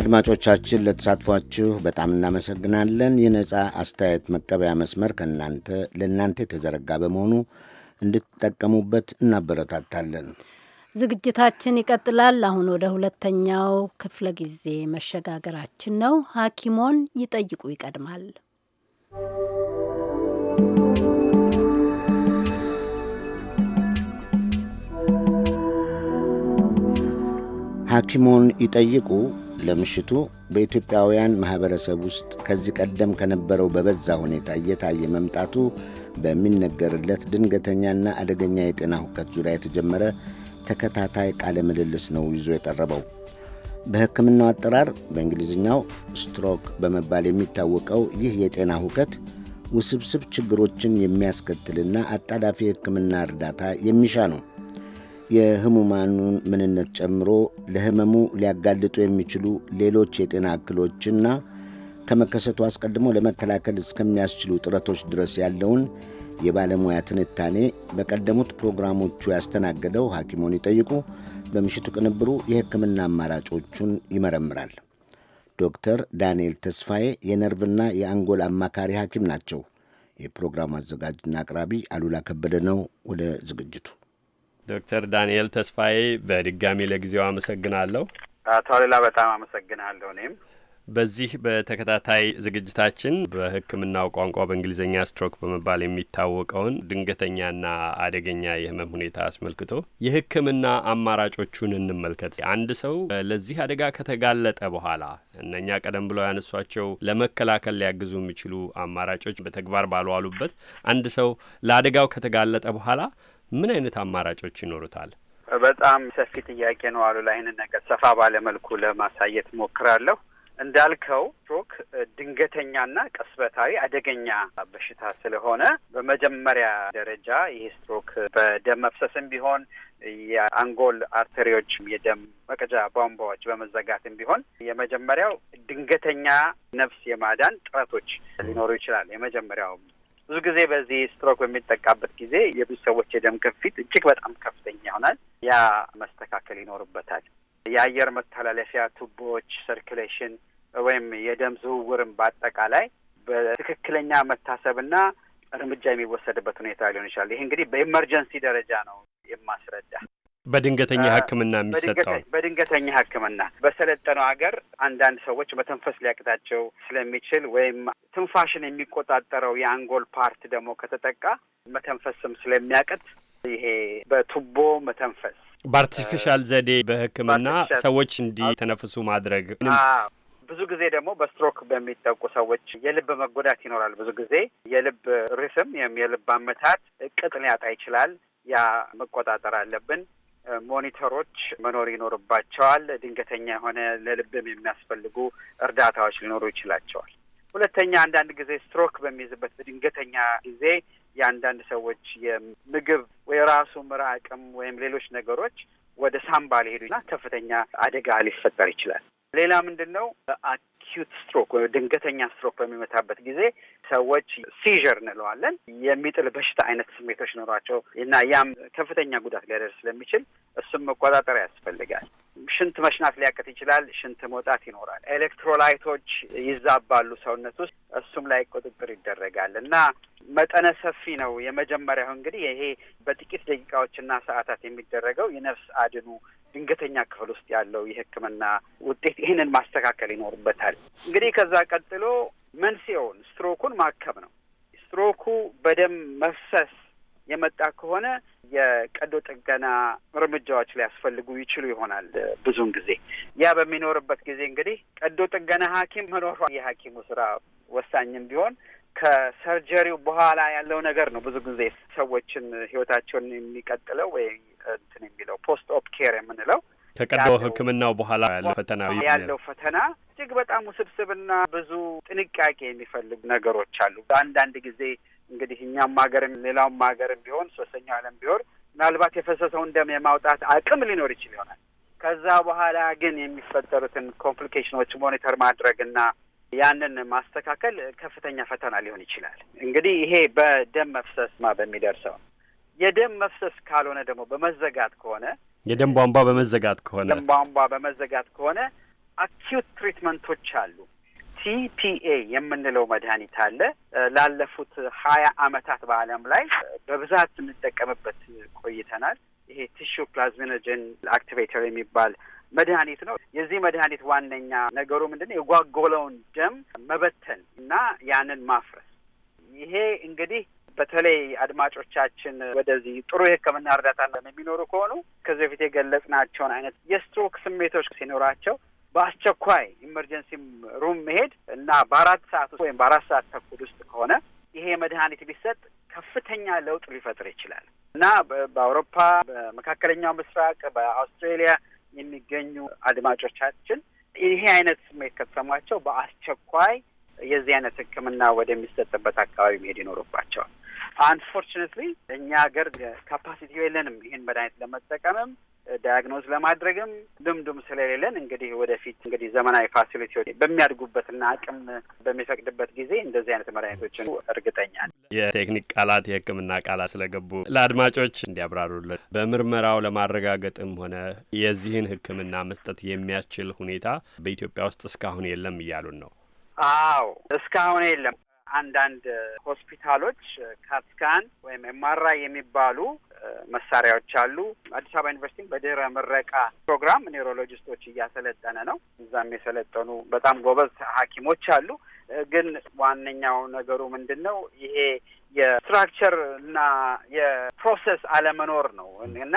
አድማጮቻችን ለተሳትፏችሁ በጣም እናመሰግናለን። የነጻ አስተያየት መቀበያ መስመር ከእናንተ ለእናንተ የተዘረጋ በመሆኑ እንድትጠቀሙበት እናበረታታለን። ዝግጅታችን ይቀጥላል። አሁን ወደ ሁለተኛው ክፍለ ጊዜ መሸጋገራችን ነው። ሐኪሞን ይጠይቁ ይቀድማል። ሐኪሞን ይጠይቁ ለምሽቱ በኢትዮጵያውያን ማኅበረሰብ ውስጥ ከዚህ ቀደም ከነበረው በበዛ ሁኔታ እየታየ መምጣቱ በሚነገርለት ድንገተኛና አደገኛ የጤና ሁከት ዙሪያ የተጀመረ ተከታታይ ቃለ ምልልስ ነው ይዞ የቀረበው። በሕክምናው አጠራር በእንግሊዝኛው ስትሮክ በመባል የሚታወቀው ይህ የጤና ሁከት ውስብስብ ችግሮችን የሚያስከትልና አጣዳፊ የሕክምና እርዳታ የሚሻ ነው። የህሙማኑን ምንነት ጨምሮ ለህመሙ ሊያጋልጡ የሚችሉ ሌሎች የጤና እክሎችና ከመከሰቱ አስቀድሞ ለመከላከል እስከሚያስችሉ ጥረቶች ድረስ ያለውን የባለሙያ ትንታኔ በቀደሙት ፕሮግራሞቹ ያስተናገደው ሐኪሙን ይጠይቁ በምሽቱ ቅንብሩ የሕክምና አማራጮቹን ይመረምራል። ዶክተር ዳንኤል ተስፋዬ የነርቭና የአንጎል አማካሪ ሐኪም ናቸው። የፕሮግራሙ አዘጋጅና አቅራቢ አሉላ ከበደ ነው። ወደ ዝግጅቱ ዶክተር ዳንኤል ተስፋዬ በድጋሚ ለጊዜው አመሰግናለሁ። አቶ አሉላ በጣም አመሰግናለሁ እኔም በዚህ በተከታታይ ዝግጅታችን በሕክምናው ቋንቋ በእንግሊዝኛ ስትሮክ በመባል የሚታወቀውን ድንገተኛና አደገኛ የህመም ሁኔታ አስመልክቶ የሕክምና አማራጮቹን እንመልከት። አንድ ሰው ለዚህ አደጋ ከተጋለጠ በኋላ እነኛ ቀደም ብለው ያነሷቸው ለመከላከል ሊያግዙ የሚችሉ አማራጮች በተግባር ባልዋሉበት አንድ ሰው ለአደጋው ከተጋለጠ በኋላ ምን አይነት አማራጮች ይኖሩታል? በጣም ሰፊ ጥያቄ ነው አሉ። ይህንን ነገር ሰፋ ባለመልኩ ለማሳየት ሞክራለሁ። እንዳልከው ስትሮክ ድንገተኛና ቀስበታዊ አደገኛ በሽታ ስለሆነ በመጀመሪያ ደረጃ ይህ ስትሮክ በደም መፍሰስም ቢሆን የአንጎል አርተሪዎች የደም መቀጃ ቧንቧዎች በመዘጋትም ቢሆን የመጀመሪያው ድንገተኛ ነፍስ የማዳን ጥረቶች ሊኖሩ ይችላል። የመጀመሪያው ብዙ ጊዜ በዚህ ስትሮክ በሚጠቃበት ጊዜ የብዙ ሰዎች የደም ግፊት እጅግ በጣም ከፍተኛ ይሆናል። ያ መስተካከል ይኖርበታል። የአየር መተላለፊያ ቱቦዎች ሰርኩሌሽን ወይም የደም ዝውውርን በአጠቃላይ በትክክለኛ መታሰብና እርምጃ የሚወሰድበት ሁኔታ ሊሆን ይችላል። ይህ እንግዲህ በኢመርጀንሲ ደረጃ ነው የማስረዳ። በድንገተኛ ሕክምና የሚሰጠው በድንገተኛ ሕክምና በሰለጠነው ሀገር አንዳንድ ሰዎች መተንፈስ ሊያቅታቸው ስለሚችል ወይም ትንፋሽን የሚቆጣጠረው የአንጎል ፓርት ደግሞ ከተጠቃ መተንፈስም ስለሚያቅት ይሄ በቱቦ መተንፈስ በአርቲፊሻል ዘዴ በሕክምና ሰዎች እንዲተነፍሱ ማድረግ ብዙ ጊዜ ደግሞ በስትሮክ በሚጠቁ ሰዎች የልብ መጎዳት ይኖራል። ብዙ ጊዜ የልብ ሪትም ወይም የልብ አመታት ቅጥ ሊያጣ ይችላል። ያ መቆጣጠር አለብን። ሞኒተሮች መኖር ይኖርባቸዋል። ድንገተኛ የሆነ ለልብም የሚያስፈልጉ እርዳታዎች ሊኖሩ ይችላቸዋል። ሁለተኛ አንዳንድ ጊዜ ስትሮክ በሚይዝበት በድንገተኛ ጊዜ የአንዳንድ ሰዎች የምግብ ወይ ራሱ አቅም ወይም ሌሎች ነገሮች ወደ ሳምባ ሊሄዱና ከፍተኛ አደጋ ሊፈጠር ይችላል። ሌላ ምንድን ነው አኪዩት ስትሮክ ወይም ድንገተኛ ስትሮክ በሚመታበት ጊዜ ሰዎች ሲዥር እንለዋለን የሚጥል በሽታ አይነት ስሜቶች ኖሯቸው እና ያም ከፍተኛ ጉዳት ሊያደርስ ስለሚችል እሱም መቆጣጠር ያስፈልጋል። ሽንት መሽናት ሊያቀት ይችላል። ሽንት መውጣት ይኖራል። ኤሌክትሮላይቶች ይዛባሉ ሰውነት ውስጥ እሱም ላይ ቁጥጥር ይደረጋል እና መጠነ ሰፊ ነው። የመጀመሪያው እንግዲህ ይሄ በጥቂት ደቂቃዎችና ሰዓታት የሚደረገው የነፍስ አድኑ ድንገተኛ ክፍል ውስጥ ያለው የሕክምና ውጤት ይህንን ማስተካከል ይኖርበታል። ይባላል። እንግዲህ ከዛ ቀጥሎ መንስኤውን ስትሮኩን ማከም ነው። ስትሮኩ በደም መፍሰስ የመጣ ከሆነ የቀዶ ጥገና እርምጃዎች ሊያስፈልጉ ይችሉ ይሆናል። ብዙውን ጊዜ ያ በሚኖርበት ጊዜ እንግዲህ ቀዶ ጥገና ሐኪም መኖሯ የሐኪሙ ስራ ወሳኝም ቢሆን ከሰርጀሪው በኋላ ያለው ነገር ነው። ብዙ ጊዜ ሰዎችን ህይወታቸውን የሚቀጥለው ወይ እንትን የሚለው ፖስት ኦፕ ኬር የምንለው ከቀዶ ሕክምናው በኋላ ያለው ፈተና ያለው ፈተና እጅግ በጣም ውስብስብና ብዙ ጥንቃቄ የሚፈልግ ነገሮች አሉ። አንዳንድ ጊዜ እንግዲህ እኛም ሀገርም ሌላውም ሀገርም ቢሆን ሶስተኛው ዓለም ቢሆን ምናልባት የፈሰሰውን ደም የማውጣት አቅም ሊኖር ይችል ይሆናል። ከዛ በኋላ ግን የሚፈጠሩትን ኮምፕሊኬሽኖች ሞኒተር ማድረግና ያንን ማስተካከል ከፍተኛ ፈተና ሊሆን ይችላል። እንግዲህ ይሄ በደም መፍሰስ ማ በሚደርሰው የደም መፍሰስ ካልሆነ ደግሞ በመዘጋት ከሆነ የደም ቧንቧ በመዘጋት ከሆነ ደም ቧንቧ በመዘጋት ከሆነ አኪዩት ትሪትመንቶች አሉ። ቲፒኤ የምንለው መድኃኒት አለ። ላለፉት ሀያ አመታት በዓለም ላይ በብዛት እንጠቀምበት ቆይተናል። ይሄ ቲሹ ፕላዝሚኖጀን አክቲቬተር የሚባል መድኃኒት ነው። የዚህ መድኃኒት ዋነኛ ነገሩ ምንድን ነው? የጓጎለውን ደም መበተን እና ያንን ማፍረስ። ይሄ እንግዲህ በተለይ አድማጮቻችን ወደዚህ ጥሩ የሕክምና እርዳታ የሚኖሩ ከሆኑ ከዚህ በፊት የገለጽናቸውን አይነት የስትሮክ ስሜቶች ሲኖራቸው በአስቸኳይ ኢመርጀንሲ ሩም መሄድ እና በአራት ሰዓት ውስጥ ወይም በአራት ሰዓት ተኩል ውስጥ ከሆነ ይሄ መድኃኒት ቢሰጥ ከፍተኛ ለውጥ ሊፈጥር ይችላል እና በአውሮፓ፣ በመካከለኛው ምስራቅ፣ በአውስትሬሊያ የሚገኙ አድማጮቻችን ይሄ አይነት ስሜት ከተሰሟቸው በአስቸኳይ የዚህ አይነት ሕክምና ወደሚሰጥበት አካባቢ መሄድ ይኖርባቸዋል። አንፎርችነትሊ እኛ ሀገር ካፓሲቲ የለንም ይህን መድኃኒት ለመጠቀምም ዳያግኖዝ ለማድረግም ልምዱም ስለሌለን እንግዲህ ወደፊት እንግዲህ ዘመናዊ ፋሲሊቲዎች በሚያድጉበትና አቅም በሚፈቅድበት ጊዜ እንደዚህ አይነት መድኃኒቶችን እርግጠኛ የቴክኒክ ቃላት የህክምና ቃላት ስለገቡ ለአድማጮች እንዲያብራሩልን በምርመራው ለማረጋገጥም ሆነ የዚህን ህክምና መስጠት የሚያስችል ሁኔታ በኢትዮጵያ ውስጥ እስካሁን የለም እያሉን ነው። አዎ እስካሁን የለም። አንዳንድ ሆስፒታሎች ካትስካን ወይም ኤምአራ የሚባሉ መሳሪያዎች አሉ። አዲስ አበባ ዩኒቨርሲቲ በድህረ ምረቃ ፕሮግራም ኔውሮሎጂስቶች እያሰለጠነ ነው። እዛም የሰለጠኑ በጣም ጎበዝ ሐኪሞች አሉ። ግን ዋነኛው ነገሩ ምንድን ነው? ይሄ የስትራክቸር እና የፕሮሰስ አለመኖር ነው እና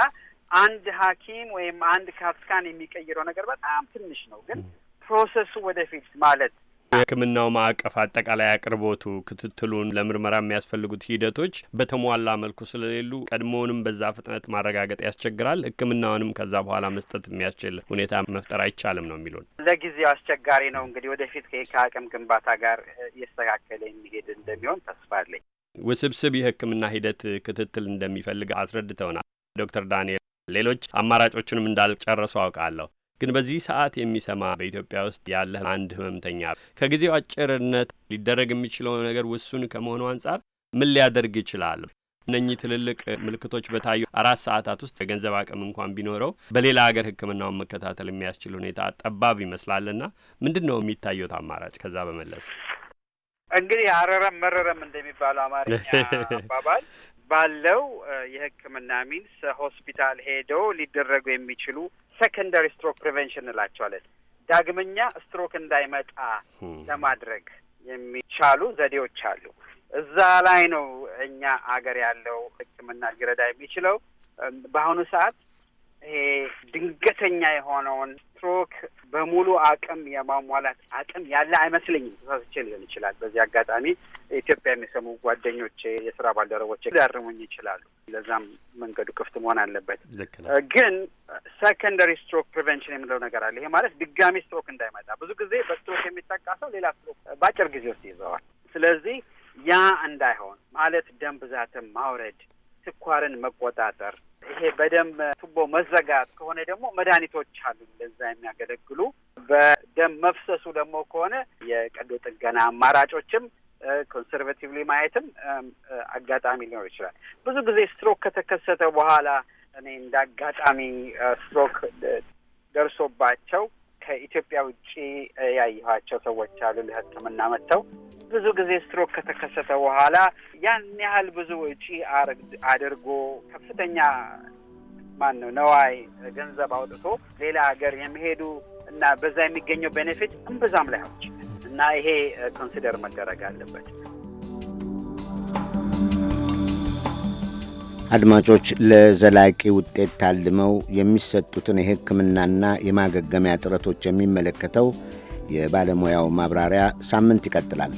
አንድ ሐኪም ወይም አንድ ካትስካን የሚቀይረው ነገር በጣም ትንሽ ነው። ግን ፕሮሰሱ ወደፊት ማለት የሕክምናው ማዕቀፍ አጠቃላይ አቅርቦቱ፣ ክትትሉን፣ ለምርመራ የሚያስፈልጉት ሂደቶች በተሟላ መልኩ ስለሌሉ ቀድሞውንም በዛ ፍጥነት ማረጋገጥ ያስቸግራል። ሕክምናውንም ከዛ በኋላ መስጠት የሚያስችል ሁኔታ መፍጠር አይቻልም ነው የሚሉን። ለጊዜው አስቸጋሪ ነው። እንግዲህ ወደፊት ከአቅም ግንባታ ጋር እየስተካከለ የሚሄድ እንደሚሆን ተስፋ አለኝ። ውስብስብ የሕክምና ሂደት ክትትል እንደሚፈልግ አስረድተውናል ዶክተር ዳንኤል። ሌሎች አማራጮቹንም እንዳልጨረሱ አውቃለሁ። ግን በዚህ ሰዓት የሚሰማ በኢትዮጵያ ውስጥ ያለ አንድ ህመምተኛ ከጊዜው አጭርነት ሊደረግ የሚችለው ነገር ውሱን ከመሆኑ አንጻር ምን ሊያደርግ ይችላል? እነኚህ ትልልቅ ምልክቶች በታዩ አራት ሰዓታት ውስጥ የገንዘብ አቅም እንኳን ቢኖረው በሌላ ሀገር ሕክምናውን መከታተል የሚያስችል ሁኔታ ጠባብ ይመስላልና ምንድን ነው የሚታየው አማራጭ? ከዛ በመለስ እንግዲህ አረረም መረረም እንደሚባለው አማርኛ አባባል ባለው የሕክምና ሚንስ ሆስፒታል ሄደው ሊደረጉ የሚችሉ ሰከንደሪ ስትሮክ ፕሪቨንሽን እንላቸዋለን። ዳግመኛ ስትሮክ እንዳይመጣ ለማድረግ የሚቻሉ ዘዴዎች አሉ። እዛ ላይ ነው እኛ አገር ያለው ሕክምና ሊረዳ የሚችለው። በአሁኑ ሰዓት ይሄ ድንገተኛ የሆነውን ስትሮክ በሙሉ አቅም የማሟላት አቅም ያለ አይመስለኝም። ተሳስቼ ሊሆን ይችላል። በዚህ አጋጣሚ ኢትዮጵያ የሚሰሙ ጓደኞቼ፣ የስራ ባልደረቦቼ ሊያርሙኝ ይችላሉ። ለዛም መንገዱ ክፍት መሆን አለበት። ግን ሰከንደሪ ስትሮክ ፕሪቨንሽን የምለው ነገር አለ። ይሄ ማለት ድጋሚ ስትሮክ እንዳይመጣ። ብዙ ጊዜ በስትሮክ የሚጠቃ ሰው ሌላ ስትሮክ በአጭር ጊዜ ውስጥ ይዘዋል። ስለዚህ ያ እንዳይሆን ማለት ደም ብዛትም ማውረድ ስኳርን መቆጣጠር ይሄ በደም ቱቦ መዘጋት ከሆነ ደግሞ መድኃኒቶች አሉ ለዛ የሚያገለግሉ። በደም መፍሰሱ ደግሞ ከሆነ የቀዶ ጥገና አማራጮችም ኮንሰርቬቲቭሊ ማየትም አጋጣሚ ሊኖር ይችላል። ብዙ ጊዜ ስትሮክ ከተከሰተ በኋላ እኔ እንደ አጋጣሚ ስትሮክ ደርሶባቸው ከኢትዮጵያ ውጭ ያየኋቸው ሰዎች አሉ ለሕክምና መጥተው ብዙ ጊዜ ስትሮክ ከተከሰተ በኋላ ያን ያህል ብዙ ወጪ አድርጎ ከፍተኛ ማን ነው ነዋይ ገንዘብ አውጥቶ ሌላ ሀገር የሚሄዱ እና በዛ የሚገኘው ቤኔፊት እምብዛም ላይ አውጭ እና ይሄ ኮንሲደር መደረግ አለበት። አድማጮች ለዘላቂ ውጤት ታልመው የሚሰጡትን የሕክምናና የማገገሚያ ጥረቶች የሚመለከተው የባለሙያው ማብራሪያ ሳምንት ይቀጥላል።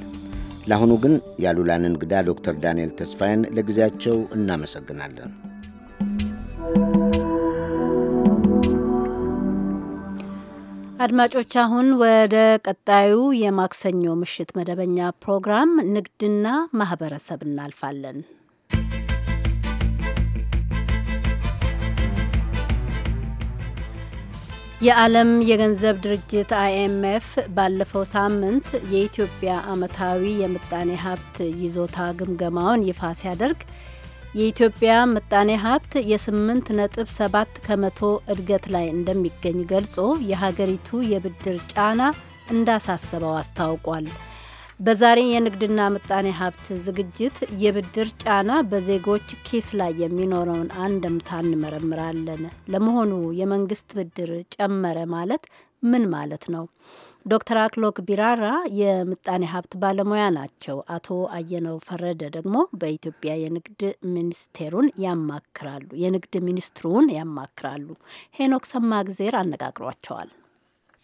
ለአሁኑ ግን ያሉላን እንግዳ ዶክተር ዳንኤል ተስፋዬን ለጊዜያቸው እናመሰግናለን። አድማጮች አሁን ወደ ቀጣዩ የማክሰኞ ምሽት መደበኛ ፕሮግራም ንግድና ማህበረሰብ እናልፋለን። የዓለም የገንዘብ ድርጅት አይኤምኤፍ ባለፈው ሳምንት የኢትዮጵያ ዓመታዊ የምጣኔ ሀብት ይዞታ ግምገማውን ይፋ ሲያደርግ የኢትዮጵያ ምጣኔ ሀብት የስምንት ነጥብ ሰባት ከመቶ እድገት ላይ እንደሚገኝ ገልጾ የሀገሪቱ የብድር ጫና እንዳሳሰበው አስታውቋል። በዛሬ የንግድና ምጣኔ ሀብት ዝግጅት የብድር ጫና በዜጎች ኪስ ላይ የሚኖረውን አንድምታ እንመረምራለን። ለመሆኑ የመንግስት ብድር ጨመረ ማለት ምን ማለት ነው? ዶክተር አክሎክ ቢራራ የምጣኔ ሀብት ባለሙያ ናቸው። አቶ አየነው ፈረደ ደግሞ በኢትዮጵያ የንግድ ሚኒስቴሩን ያማክራሉ የንግድ ሚኒስትሩን ያማክራሉ። ሄኖክ ሰማግዜር አነጋግሯቸዋል።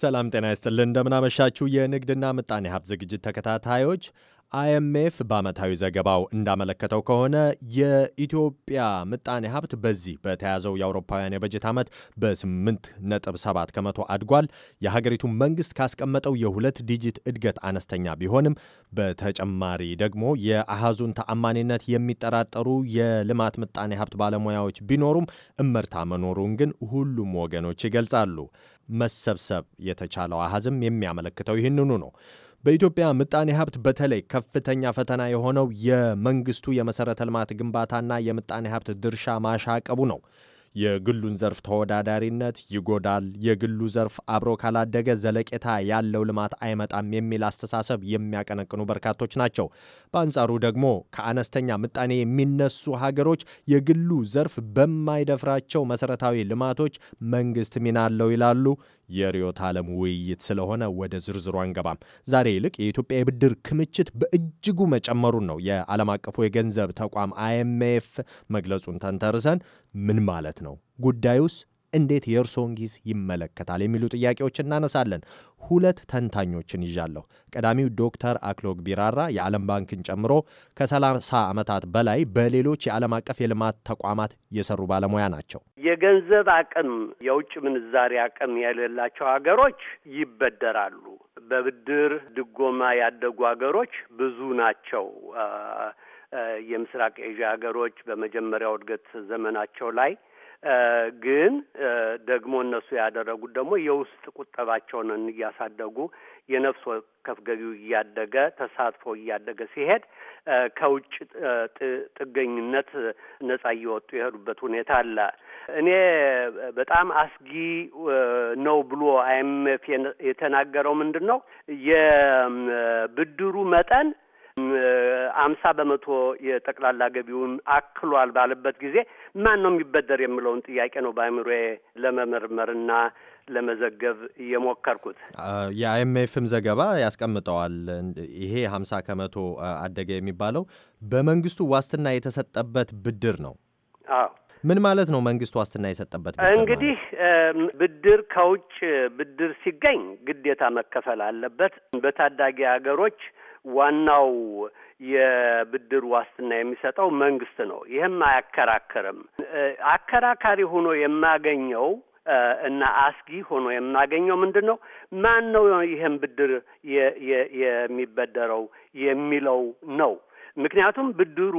ሰላም ጤና ይስጥልን እንደምናመሻችሁ የንግድና ምጣኔ ሀብት ዝግጅት ተከታታዮች አይኤምኤፍ በዓመታዊ ዘገባው እንዳመለከተው ከሆነ የኢትዮጵያ ምጣኔ ሀብት በዚህ በተያዘው የአውሮፓውያን የበጀት ዓመት በ 7 ከመቶ አድጓል። የሀገሪቱ መንግስት ካስቀመጠው የሁለት ዲጂት እድገት አነስተኛ ቢሆንም በተጨማሪ ደግሞ የአሃዙን ተአማኒነት የሚጠራጠሩ የልማት ምጣኔ ሀብት ባለሙያዎች ቢኖሩም እመርታ መኖሩን ግን ሁሉም ወገኖች ይገልጻሉ። መሰብሰብ የተቻለው አሃዝም የሚያመለክተው ይህንኑ ነው። በኢትዮጵያ ምጣኔ ሀብት በተለይ ከፍተኛ ፈተና የሆነው የመንግስቱ የመሰረተ ልማት ግንባታና የምጣኔ ሀብት ድርሻ ማሻቀቡ ነው። የግሉን ዘርፍ ተወዳዳሪነት ይጎዳል፣ የግሉ ዘርፍ አብሮ ካላደገ ዘለቄታ ያለው ልማት አይመጣም የሚል አስተሳሰብ የሚያቀነቅኑ በርካቶች ናቸው። በአንጻሩ ደግሞ ከአነስተኛ ምጣኔ የሚነሱ ሀገሮች የግሉ ዘርፍ በማይደፍራቸው መሰረታዊ ልማቶች መንግስት ሚና አለው ይላሉ። የርዕዮተ ዓለም ውይይት ስለሆነ ወደ ዝርዝሩ አንገባም። ዛሬ ይልቅ የኢትዮጵያ የብድር ክምችት በእጅጉ መጨመሩን ነው የዓለም አቀፉ የገንዘብ ተቋም አይኤምኤፍ መግለጹን ተንተርሰን ምን ማለት ነው? ጉዳዩስ እንዴት የእርስዎን ጊዝ ይመለከታል? የሚሉ ጥያቄዎች እናነሳለን። ሁለት ተንታኞችን ይዣለሁ። ቀዳሚው ዶክተር አክሎግ ቢራራ የዓለም ባንክን ጨምሮ ከሰላሳ ዓመታት በላይ በሌሎች የዓለም አቀፍ የልማት ተቋማት የሰሩ ባለሙያ ናቸው። የገንዘብ አቅም፣ የውጭ ምንዛሪ አቅም የሌላቸው ሀገሮች ይበደራሉ። በብድር ድጎማ ያደጉ ሀገሮች ብዙ ናቸው። የምስራቅ ኤዥያ ሀገሮች በመጀመሪያው እድገት ዘመናቸው ላይ ግን ደግሞ እነሱ ያደረጉት ደግሞ የውስጥ ቁጠባቸውን እያሳደጉ የነፍስ ወከፍ ገቢው እያደገ ተሳትፎ እያደገ ሲሄድ ከውጭ ጥገኝነት ነጻ እየወጡ የሄዱበት ሁኔታ አለ። እኔ በጣም አስጊ ነው ብሎ አይኤምኤፍ የተናገረው ምንድን ነው የብድሩ መጠን አምሳ በመቶ የጠቅላላ ገቢውን አክሏል ባለበት ጊዜ ማን ነው የሚበደር የሚለውን ጥያቄ ነው በአእምሮዬ ለመመርመርና ለመዘገብ የሞከርኩት። የአይኤምኤፍም ዘገባ ያስቀምጠዋል። ይሄ ሀምሳ ከመቶ አደገ የሚባለው በመንግስቱ ዋስትና የተሰጠበት ብድር ነው። አዎ ምን ማለት ነው? መንግስት ዋስትና የሰጠበት እንግዲህ ብድር ከውጭ ብድር ሲገኝ ግዴታ መከፈል አለበት። በታዳጊ ሀገሮች ዋናው የብድር ዋስትና የሚሰጠው መንግስት ነው። ይህም አያከራከርም። አከራካሪ ሆኖ የማገኘው እና አስጊ ሆኖ የማገኘው ምንድን ነው? ማን ነው ይህን ብድር የሚበደረው የሚለው ነው። ምክንያቱም ብድሩ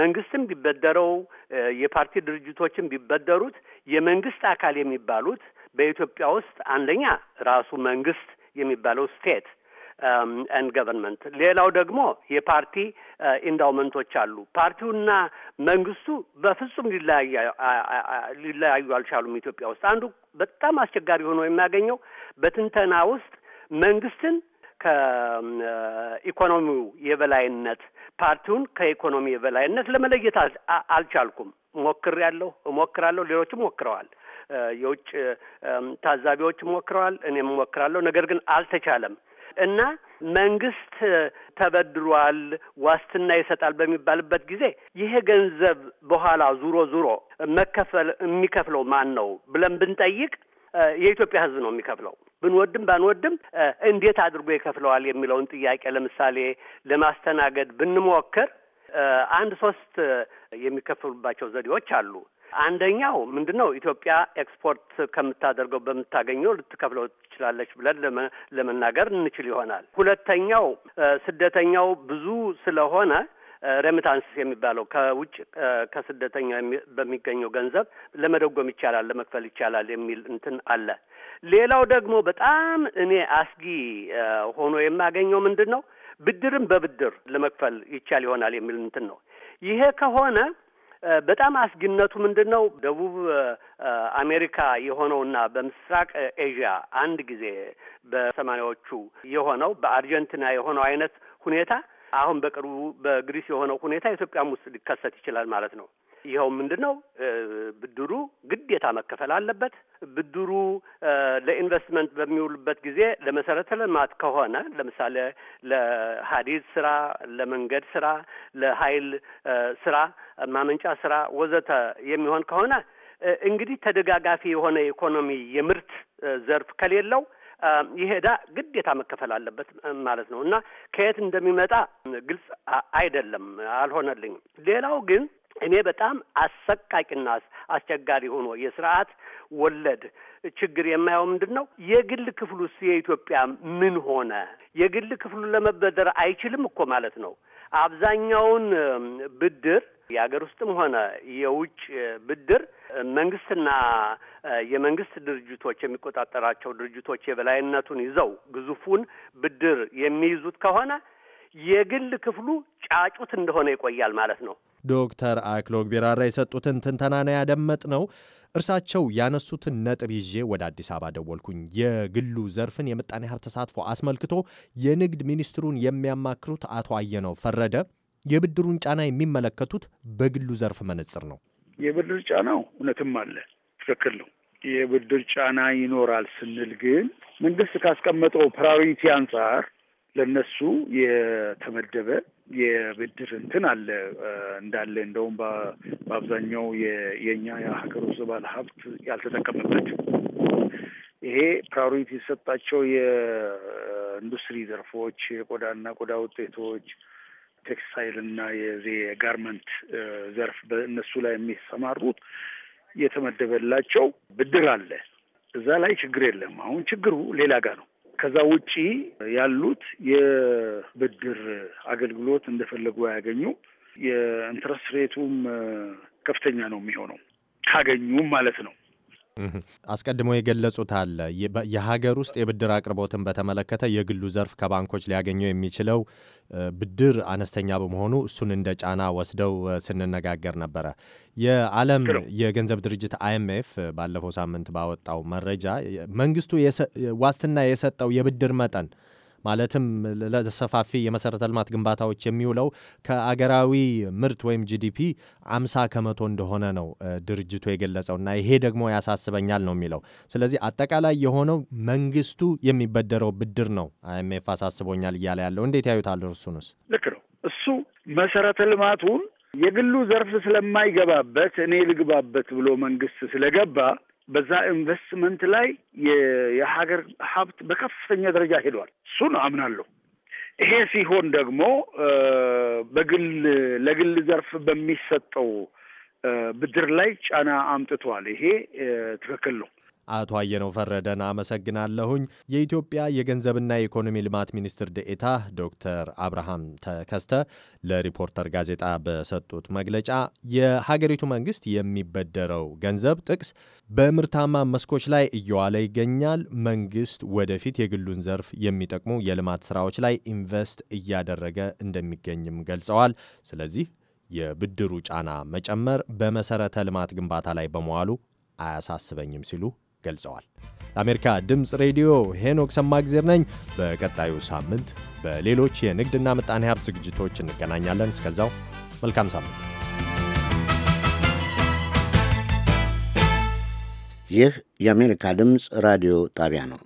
መንግስትም ቢበደረው የፓርቲ ድርጅቶችም ቢበደሩት የመንግስት አካል የሚባሉት በኢትዮጵያ ውስጥ አንደኛ ራሱ መንግስት የሚባለው ስቴት ኤንድ um, ገቨርንመንት። ሌላው ደግሞ የፓርቲ ኢንዳውመንቶች uh, አሉ። ፓርቲውና መንግስቱ በፍጹም uh, uh, ሊለያዩ አልቻሉም። ኢትዮጵያ ውስጥ አንዱ በጣም አስቸጋሪ ሆኖ የሚያገኘው በትንተና ውስጥ መንግስትን ከኢኮኖሚው um, የበላይነት ፓርቲውን ከኢኮኖሚ የበላይነት ለመለየት አልቻልኩም። ሞክሬያለሁ፣ እሞክራለሁ፣ ሌሎችም ሞክረዋል። የውጭ um, ታዛቢዎች ሞክረዋል፣ እኔም ሞክራለሁ። ነገር ግን አልተቻለም። እና መንግስት ተበድሯል ዋስትና ይሰጣል በሚባልበት ጊዜ ይሄ ገንዘብ በኋላ ዙሮ ዙሮ መከፈል የሚከፍለው ማን ነው ብለን ብንጠይቅ የኢትዮጵያ ሕዝብ ነው የሚከፍለው። ብንወድም ባንወድም እንዴት አድርጎ ይከፍለዋል የሚለውን ጥያቄ ለምሳሌ ለማስተናገድ ብንሞክር አንድ ሶስት የሚከፍሉባቸው ዘዴዎች አሉ። አንደኛው ምንድን ነው ኢትዮጵያ ኤክስፖርት ከምታደርገው በምታገኘው ልትከፍለው ትችላለች ብለን ለመናገር እንችል ይሆናል። ሁለተኛው ስደተኛው ብዙ ስለሆነ ሬሚታንስ የሚባለው ከውጭ ከስደተኛው በሚገኘው ገንዘብ ለመደጎም ይቻላል፣ ለመክፈል ይቻላል የሚል እንትን አለ። ሌላው ደግሞ በጣም እኔ አስጊ ሆኖ የማገኘው ምንድን ነው ብድርም በብድር ለመክፈል ይቻል ይሆናል የሚል እንትን ነው። ይሄ ከሆነ በጣም አስጊነቱ ምንድን ነው? ደቡብ አሜሪካ የሆነውና በምስራቅ ኤዥያ አንድ ጊዜ በሰማኒያዎቹ የሆነው በአርጀንቲና የሆነው አይነት ሁኔታ አሁን በቅርቡ በግሪስ የሆነው ሁኔታ ኢትዮጵያም ውስጥ ሊከሰት ይችላል ማለት ነው። ይኸው ምንድን ነው ብድሩ ግዴታ መከፈል አለበት። ብድሩ ለኢንቨስትመንት በሚውልበት ጊዜ ለመሰረተ ልማት ከሆነ ለምሳሌ ለሀዲድ ስራ፣ ለመንገድ ስራ፣ ለሀይል ስራ፣ ማመንጫ ስራ ወዘተ የሚሆን ከሆነ እንግዲህ ተደጋጋፊ የሆነ ኢኮኖሚ የምርት ዘርፍ ከሌለው ይሄ ግዴታ መከፈል አለበት ማለት ነው እና ከየት እንደሚመጣ ግልጽ አይደለም፣ አልሆነልኝም። ሌላው ግን እኔ በጣም አሰቃቂና አስቸጋሪ ሆኖ የስርዓት ወለድ ችግር የማየው ምንድን ነው? የግል ክፍሉ የኢትዮጵያ ምን ሆነ? የግል ክፍሉ ለመበደር አይችልም እኮ ማለት ነው። አብዛኛውን ብድር የሀገር ውስጥም ሆነ የውጭ ብድር መንግስትና የመንግስት ድርጅቶች የሚቆጣጠራቸው ድርጅቶች የበላይነቱን ይዘው ግዙፉን ብድር የሚይዙት ከሆነ የግል ክፍሉ ጫጩት እንደሆነ ይቆያል ማለት ነው። ዶክተር አክሎግ ቢራራ የሰጡትን ትንተናና ያደመጥ ነው። እርሳቸው ያነሱትን ነጥብ ይዤ ወደ አዲስ አበባ ደወልኩኝ። የግሉ ዘርፍን የምጣኔ ሀብት ተሳትፎ አስመልክቶ የንግድ ሚኒስትሩን የሚያማክሩት አቶ አየነው ፈረደ የብድሩን ጫና የሚመለከቱት በግሉ ዘርፍ መነጽር ነው። የብድር ጫናው እውነትም አለ፣ ትክክል ነው። የብድር ጫና ይኖራል ስንል ግን መንግስት ካስቀመጠው ፕራዮሪቲ አንጻር ለነሱ የተመደበ የብድር እንትን አለ እንዳለ እንደውም በአብዛኛው የእኛ የሀገር ውስጥ ባለ ሀብት ያልተጠቀመበት ይሄ ፕራዮሪቲ የተሰጣቸው የኢንዱስትሪ ዘርፎች የቆዳና ቆዳ ውጤቶች ቴክስታይል እና የዜ የጋርመንት ዘርፍ በእነሱ ላይ የሚሰማሩት የተመደበላቸው ብድር አለ። እዛ ላይ ችግር የለም። አሁን ችግሩ ሌላ ጋር ነው። ከዛ ውጪ ያሉት የብድር አገልግሎት እንደፈለጉ ያገኙ የኢንትረስት ሬቱም ከፍተኛ ነው የሚሆነው ካገኙም ማለት ነው። አስቀድሞ የገለጹት አለ። የሀገር ውስጥ የብድር አቅርቦትን በተመለከተ የግሉ ዘርፍ ከባንኮች ሊያገኘው የሚችለው ብድር አነስተኛ በመሆኑ እሱን እንደ ጫና ወስደው ስንነጋገር ነበረ። የዓለም የገንዘብ ድርጅት አይኤምኤፍ ባለፈው ሳምንት ባወጣው መረጃ መንግስቱ ዋስትና የሰጠው የብድር መጠን ማለትም ለሰፋፊ የመሰረተ ልማት ግንባታዎች የሚውለው ከአገራዊ ምርት ወይም ጂዲፒ አምሳ ከመቶ እንደሆነ ነው ድርጅቱ የገለጸው እና ይሄ ደግሞ ያሳስበኛል ነው የሚለው። ስለዚህ አጠቃላይ የሆነው መንግስቱ የሚበደረው ብድር ነው አይኤምኤፍ አሳስቦኛል እያለ ያለው እንዴት ያዩታል? እርሱንስ? ልክ ነው። እሱ መሰረተ ልማቱን የግሉ ዘርፍ ስለማይገባበት እኔ ልግባበት ብሎ መንግስት ስለገባ በዛ ኢንቨስትመንት ላይ የሀገር ሀብት በከፍተኛ ደረጃ ሄዷል። እሱን አምናለሁ። ይሄ ሲሆን ደግሞ በግል ለግል ዘርፍ በሚሰጠው ብድር ላይ ጫና አምጥቷል። ይሄ ትክክል ነው። አቶ አየነው ፈረደን አመሰግናለሁኝ። የኢትዮጵያ የገንዘብና የኢኮኖሚ ልማት ሚኒስትር ደኤታ ዶክተር አብርሃም ተከስተ ለሪፖርተር ጋዜጣ በሰጡት መግለጫ የሀገሪቱ መንግስት የሚበደረው ገንዘብ ጥቅስ በምርታማ መስኮች ላይ እየዋለ ይገኛል። መንግስት ወደፊት የግሉን ዘርፍ የሚጠቅሙ የልማት ስራዎች ላይ ኢንቨስት እያደረገ እንደሚገኝም ገልጸዋል። ስለዚህ የብድሩ ጫና መጨመር በመሰረተ ልማት ግንባታ ላይ በመዋሉ አያሳስበኝም ሲሉ ገልጸዋል። ለአሜሪካ ድምፅ ሬዲዮ ሄኖክ ሰማግዜር ነኝ። በቀጣዩ ሳምንት በሌሎች የንግድና ምጣኔ ሀብት ዝግጅቶች እንገናኛለን። እስከዛው መልካም ሳምንት። ይህ የአሜሪካ ድምፅ ራዲዮ ጣቢያ ነው።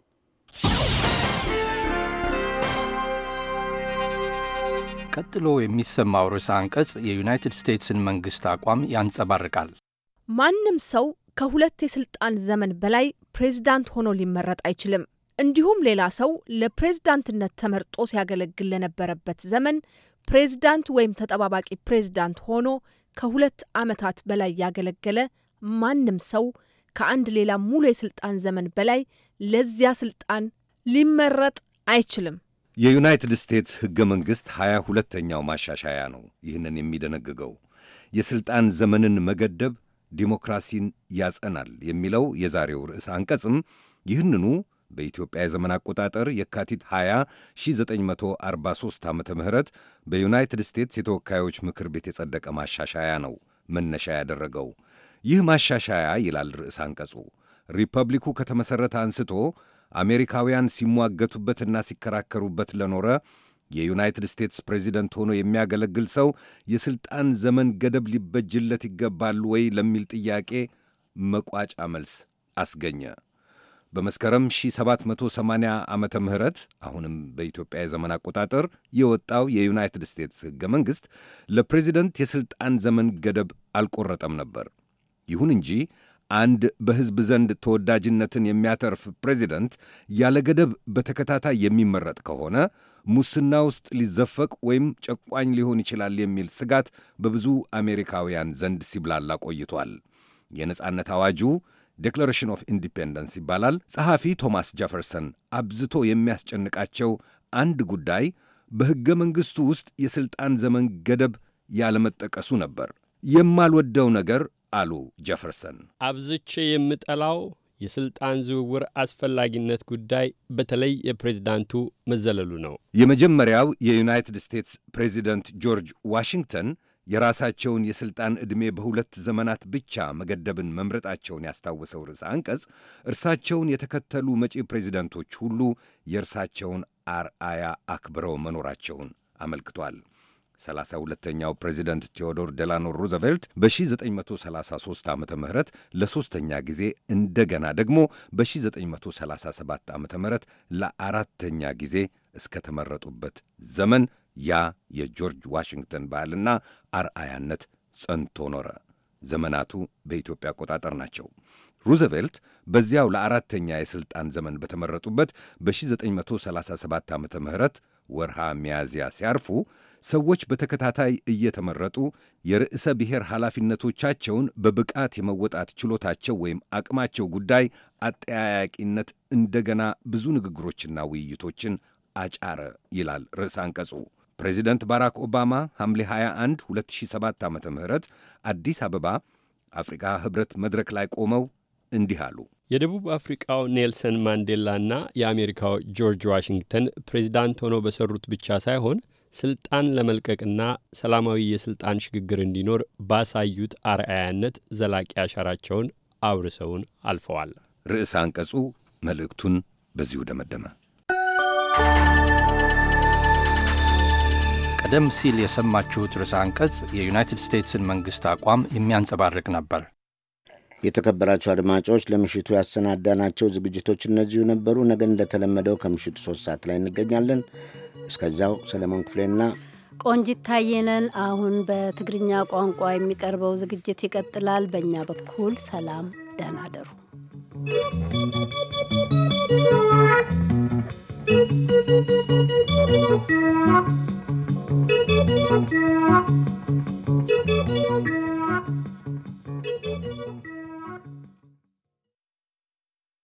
ቀጥሎ የሚሰማው ርዕሰ አንቀጽ የዩናይትድ ስቴትስን መንግሥት አቋም ያንጸባርቃል። ማንም ሰው ከሁለት የስልጣን ዘመን በላይ ፕሬዝዳንት ሆኖ ሊመረጥ አይችልም። እንዲሁም ሌላ ሰው ለፕሬዝዳንትነት ተመርጦ ሲያገለግል ለነበረበት ዘመን ፕሬዝዳንት ወይም ተጠባባቂ ፕሬዝዳንት ሆኖ ከሁለት ዓመታት በላይ ያገለገለ ማንም ሰው ከአንድ ሌላ ሙሉ የስልጣን ዘመን በላይ ለዚያ ስልጣን ሊመረጥ አይችልም። የዩናይትድ ስቴትስ ሕገ መንግሥት ሀያ ሁለተኛው ማሻሻያ ነው ይህንን የሚደነግገው። የስልጣን ዘመንን መገደብ ዲሞክራሲን ያጸናል የሚለው የዛሬው ርዕስ አንቀጽም ይህንኑ በኢትዮጵያ የዘመን አቆጣጠር የካቲት 20 1943 ዓ ም በዩናይትድ ስቴትስ የተወካዮች ምክር ቤት የጸደቀ ማሻሻያ ነው መነሻ ያደረገው። ይህ ማሻሻያ ይላል ርዕስ አንቀጹ፣ ሪፐብሊኩ ከተመሠረተ አንስቶ አሜሪካውያን ሲሟገቱበትና ሲከራከሩበት ለኖረ የዩናይትድ ስቴትስ ፕሬዚደንት ሆኖ የሚያገለግል ሰው የሥልጣን ዘመን ገደብ ሊበጅለት ይገባል ወይ ለሚል ጥያቄ መቋጫ መልስ አስገኘ። በመስከረም 1780 ዓመተ ምህረት አሁንም በኢትዮጵያ የዘመን አቆጣጠር የወጣው የዩናይትድ ስቴትስ ሕገ መንግሥት ለፕሬዚደንት የሥልጣን ዘመን ገደብ አልቆረጠም ነበር። ይሁን እንጂ አንድ በሕዝብ ዘንድ ተወዳጅነትን የሚያተርፍ ፕሬዚደንት ያለ ገደብ በተከታታይ የሚመረጥ ከሆነ ሙስና ውስጥ ሊዘፈቅ ወይም ጨቋኝ ሊሆን ይችላል የሚል ስጋት በብዙ አሜሪካውያን ዘንድ ሲብላላ ቆይቷል። የነጻነት አዋጁ ዴክላሬሽን ኦፍ ኢንዲፔንደንስ ይባላል። ጸሐፊ ቶማስ ጀፈርሰን አብዝቶ የሚያስጨንቃቸው አንድ ጉዳይ በሕገ መንግሥቱ ውስጥ የሥልጣን ዘመን ገደብ ያለመጠቀሱ ነበር። የማልወደው ነገር አሉ ጀፈርሰን። አብዝቼ የምጠላው የሥልጣን ዝውውር አስፈላጊነት ጉዳይ በተለይ የፕሬዚዳንቱ መዘለሉ ነው። የመጀመሪያው የዩናይትድ ስቴትስ ፕሬዚደንት ጆርጅ ዋሽንግተን የራሳቸውን የሥልጣን ዕድሜ በሁለት ዘመናት ብቻ መገደብን መምረጣቸውን ያስታወሰው ርዕሰ አንቀጽ እርሳቸውን የተከተሉ መጪ ፕሬዚደንቶች ሁሉ የእርሳቸውን አርአያ አክብረው መኖራቸውን አመልክቷል። 32ኛው ፕሬዚደንት ቴዎዶር ዴላኖ ሩዘቬልት በ1933 ዓ ም ለሦስተኛ ጊዜ እንደገና ደግሞ በ1937 ዓ ም ለአራተኛ ጊዜ እስከተመረጡበት ዘመን ያ የጆርጅ ዋሽንግተን ባህልና አርአያነት ጸንቶ ኖረ። ዘመናቱ በኢትዮጵያ አቆጣጠር ናቸው። ሩዘቬልት በዚያው ለአራተኛ የሥልጣን ዘመን በተመረጡበት በ1937 ዓ ም ወርሃ ሚያዝያ ሲያርፉ ሰዎች በተከታታይ እየተመረጡ የርዕሰ ብሔር ኃላፊነቶቻቸውን በብቃት የመወጣት ችሎታቸው ወይም አቅማቸው ጉዳይ አጠያያቂነት እንደገና ብዙ ንግግሮችና ውይይቶችን አጫረ ይላል ርዕሰ አንቀጹ። ፕሬዚደንት ባራክ ኦባማ ሐምሌ 21 2007 ዓ ም አዲስ አበባ አፍሪካ ኅብረት መድረክ ላይ ቆመው እንዲህ አሉ። የደቡብ አፍሪቃው ኔልሰን ማንዴላና የአሜሪካው ጆርጅ ዋሽንግተን ፕሬዚዳንት ሆነው በሰሩት ብቻ ሳይሆን ስልጣን ለመልቀቅና ሰላማዊ የስልጣን ሽግግር እንዲኖር ባሳዩት አርአያነት ዘላቂ አሻራቸውን አብርሰውን አልፈዋል። ርዕስ አንቀጹ መልእክቱን በዚሁ ደመደመ። ቀደም ሲል የሰማችሁት ርዕስ አንቀጽ የዩናይትድ ስቴትስን መንግሥት አቋም የሚያንጸባርቅ ነበር። የተከበራቸው አድማጮች ለምሽቱ ያሰናዳናቸው ዝግጅቶች እነዚሁ ነበሩ። ነገ እንደተለመደው ከምሽቱ ሶስት ሰዓት ላይ እንገኛለን። እስከዚያው ሰለሞን ክፍሌና ቆንጂት ታየነን። አሁን በትግርኛ ቋንቋ የሚቀርበው ዝግጅት ይቀጥላል። በእኛ በኩል ሰላም፣ ደህና አደሩ። Thank you.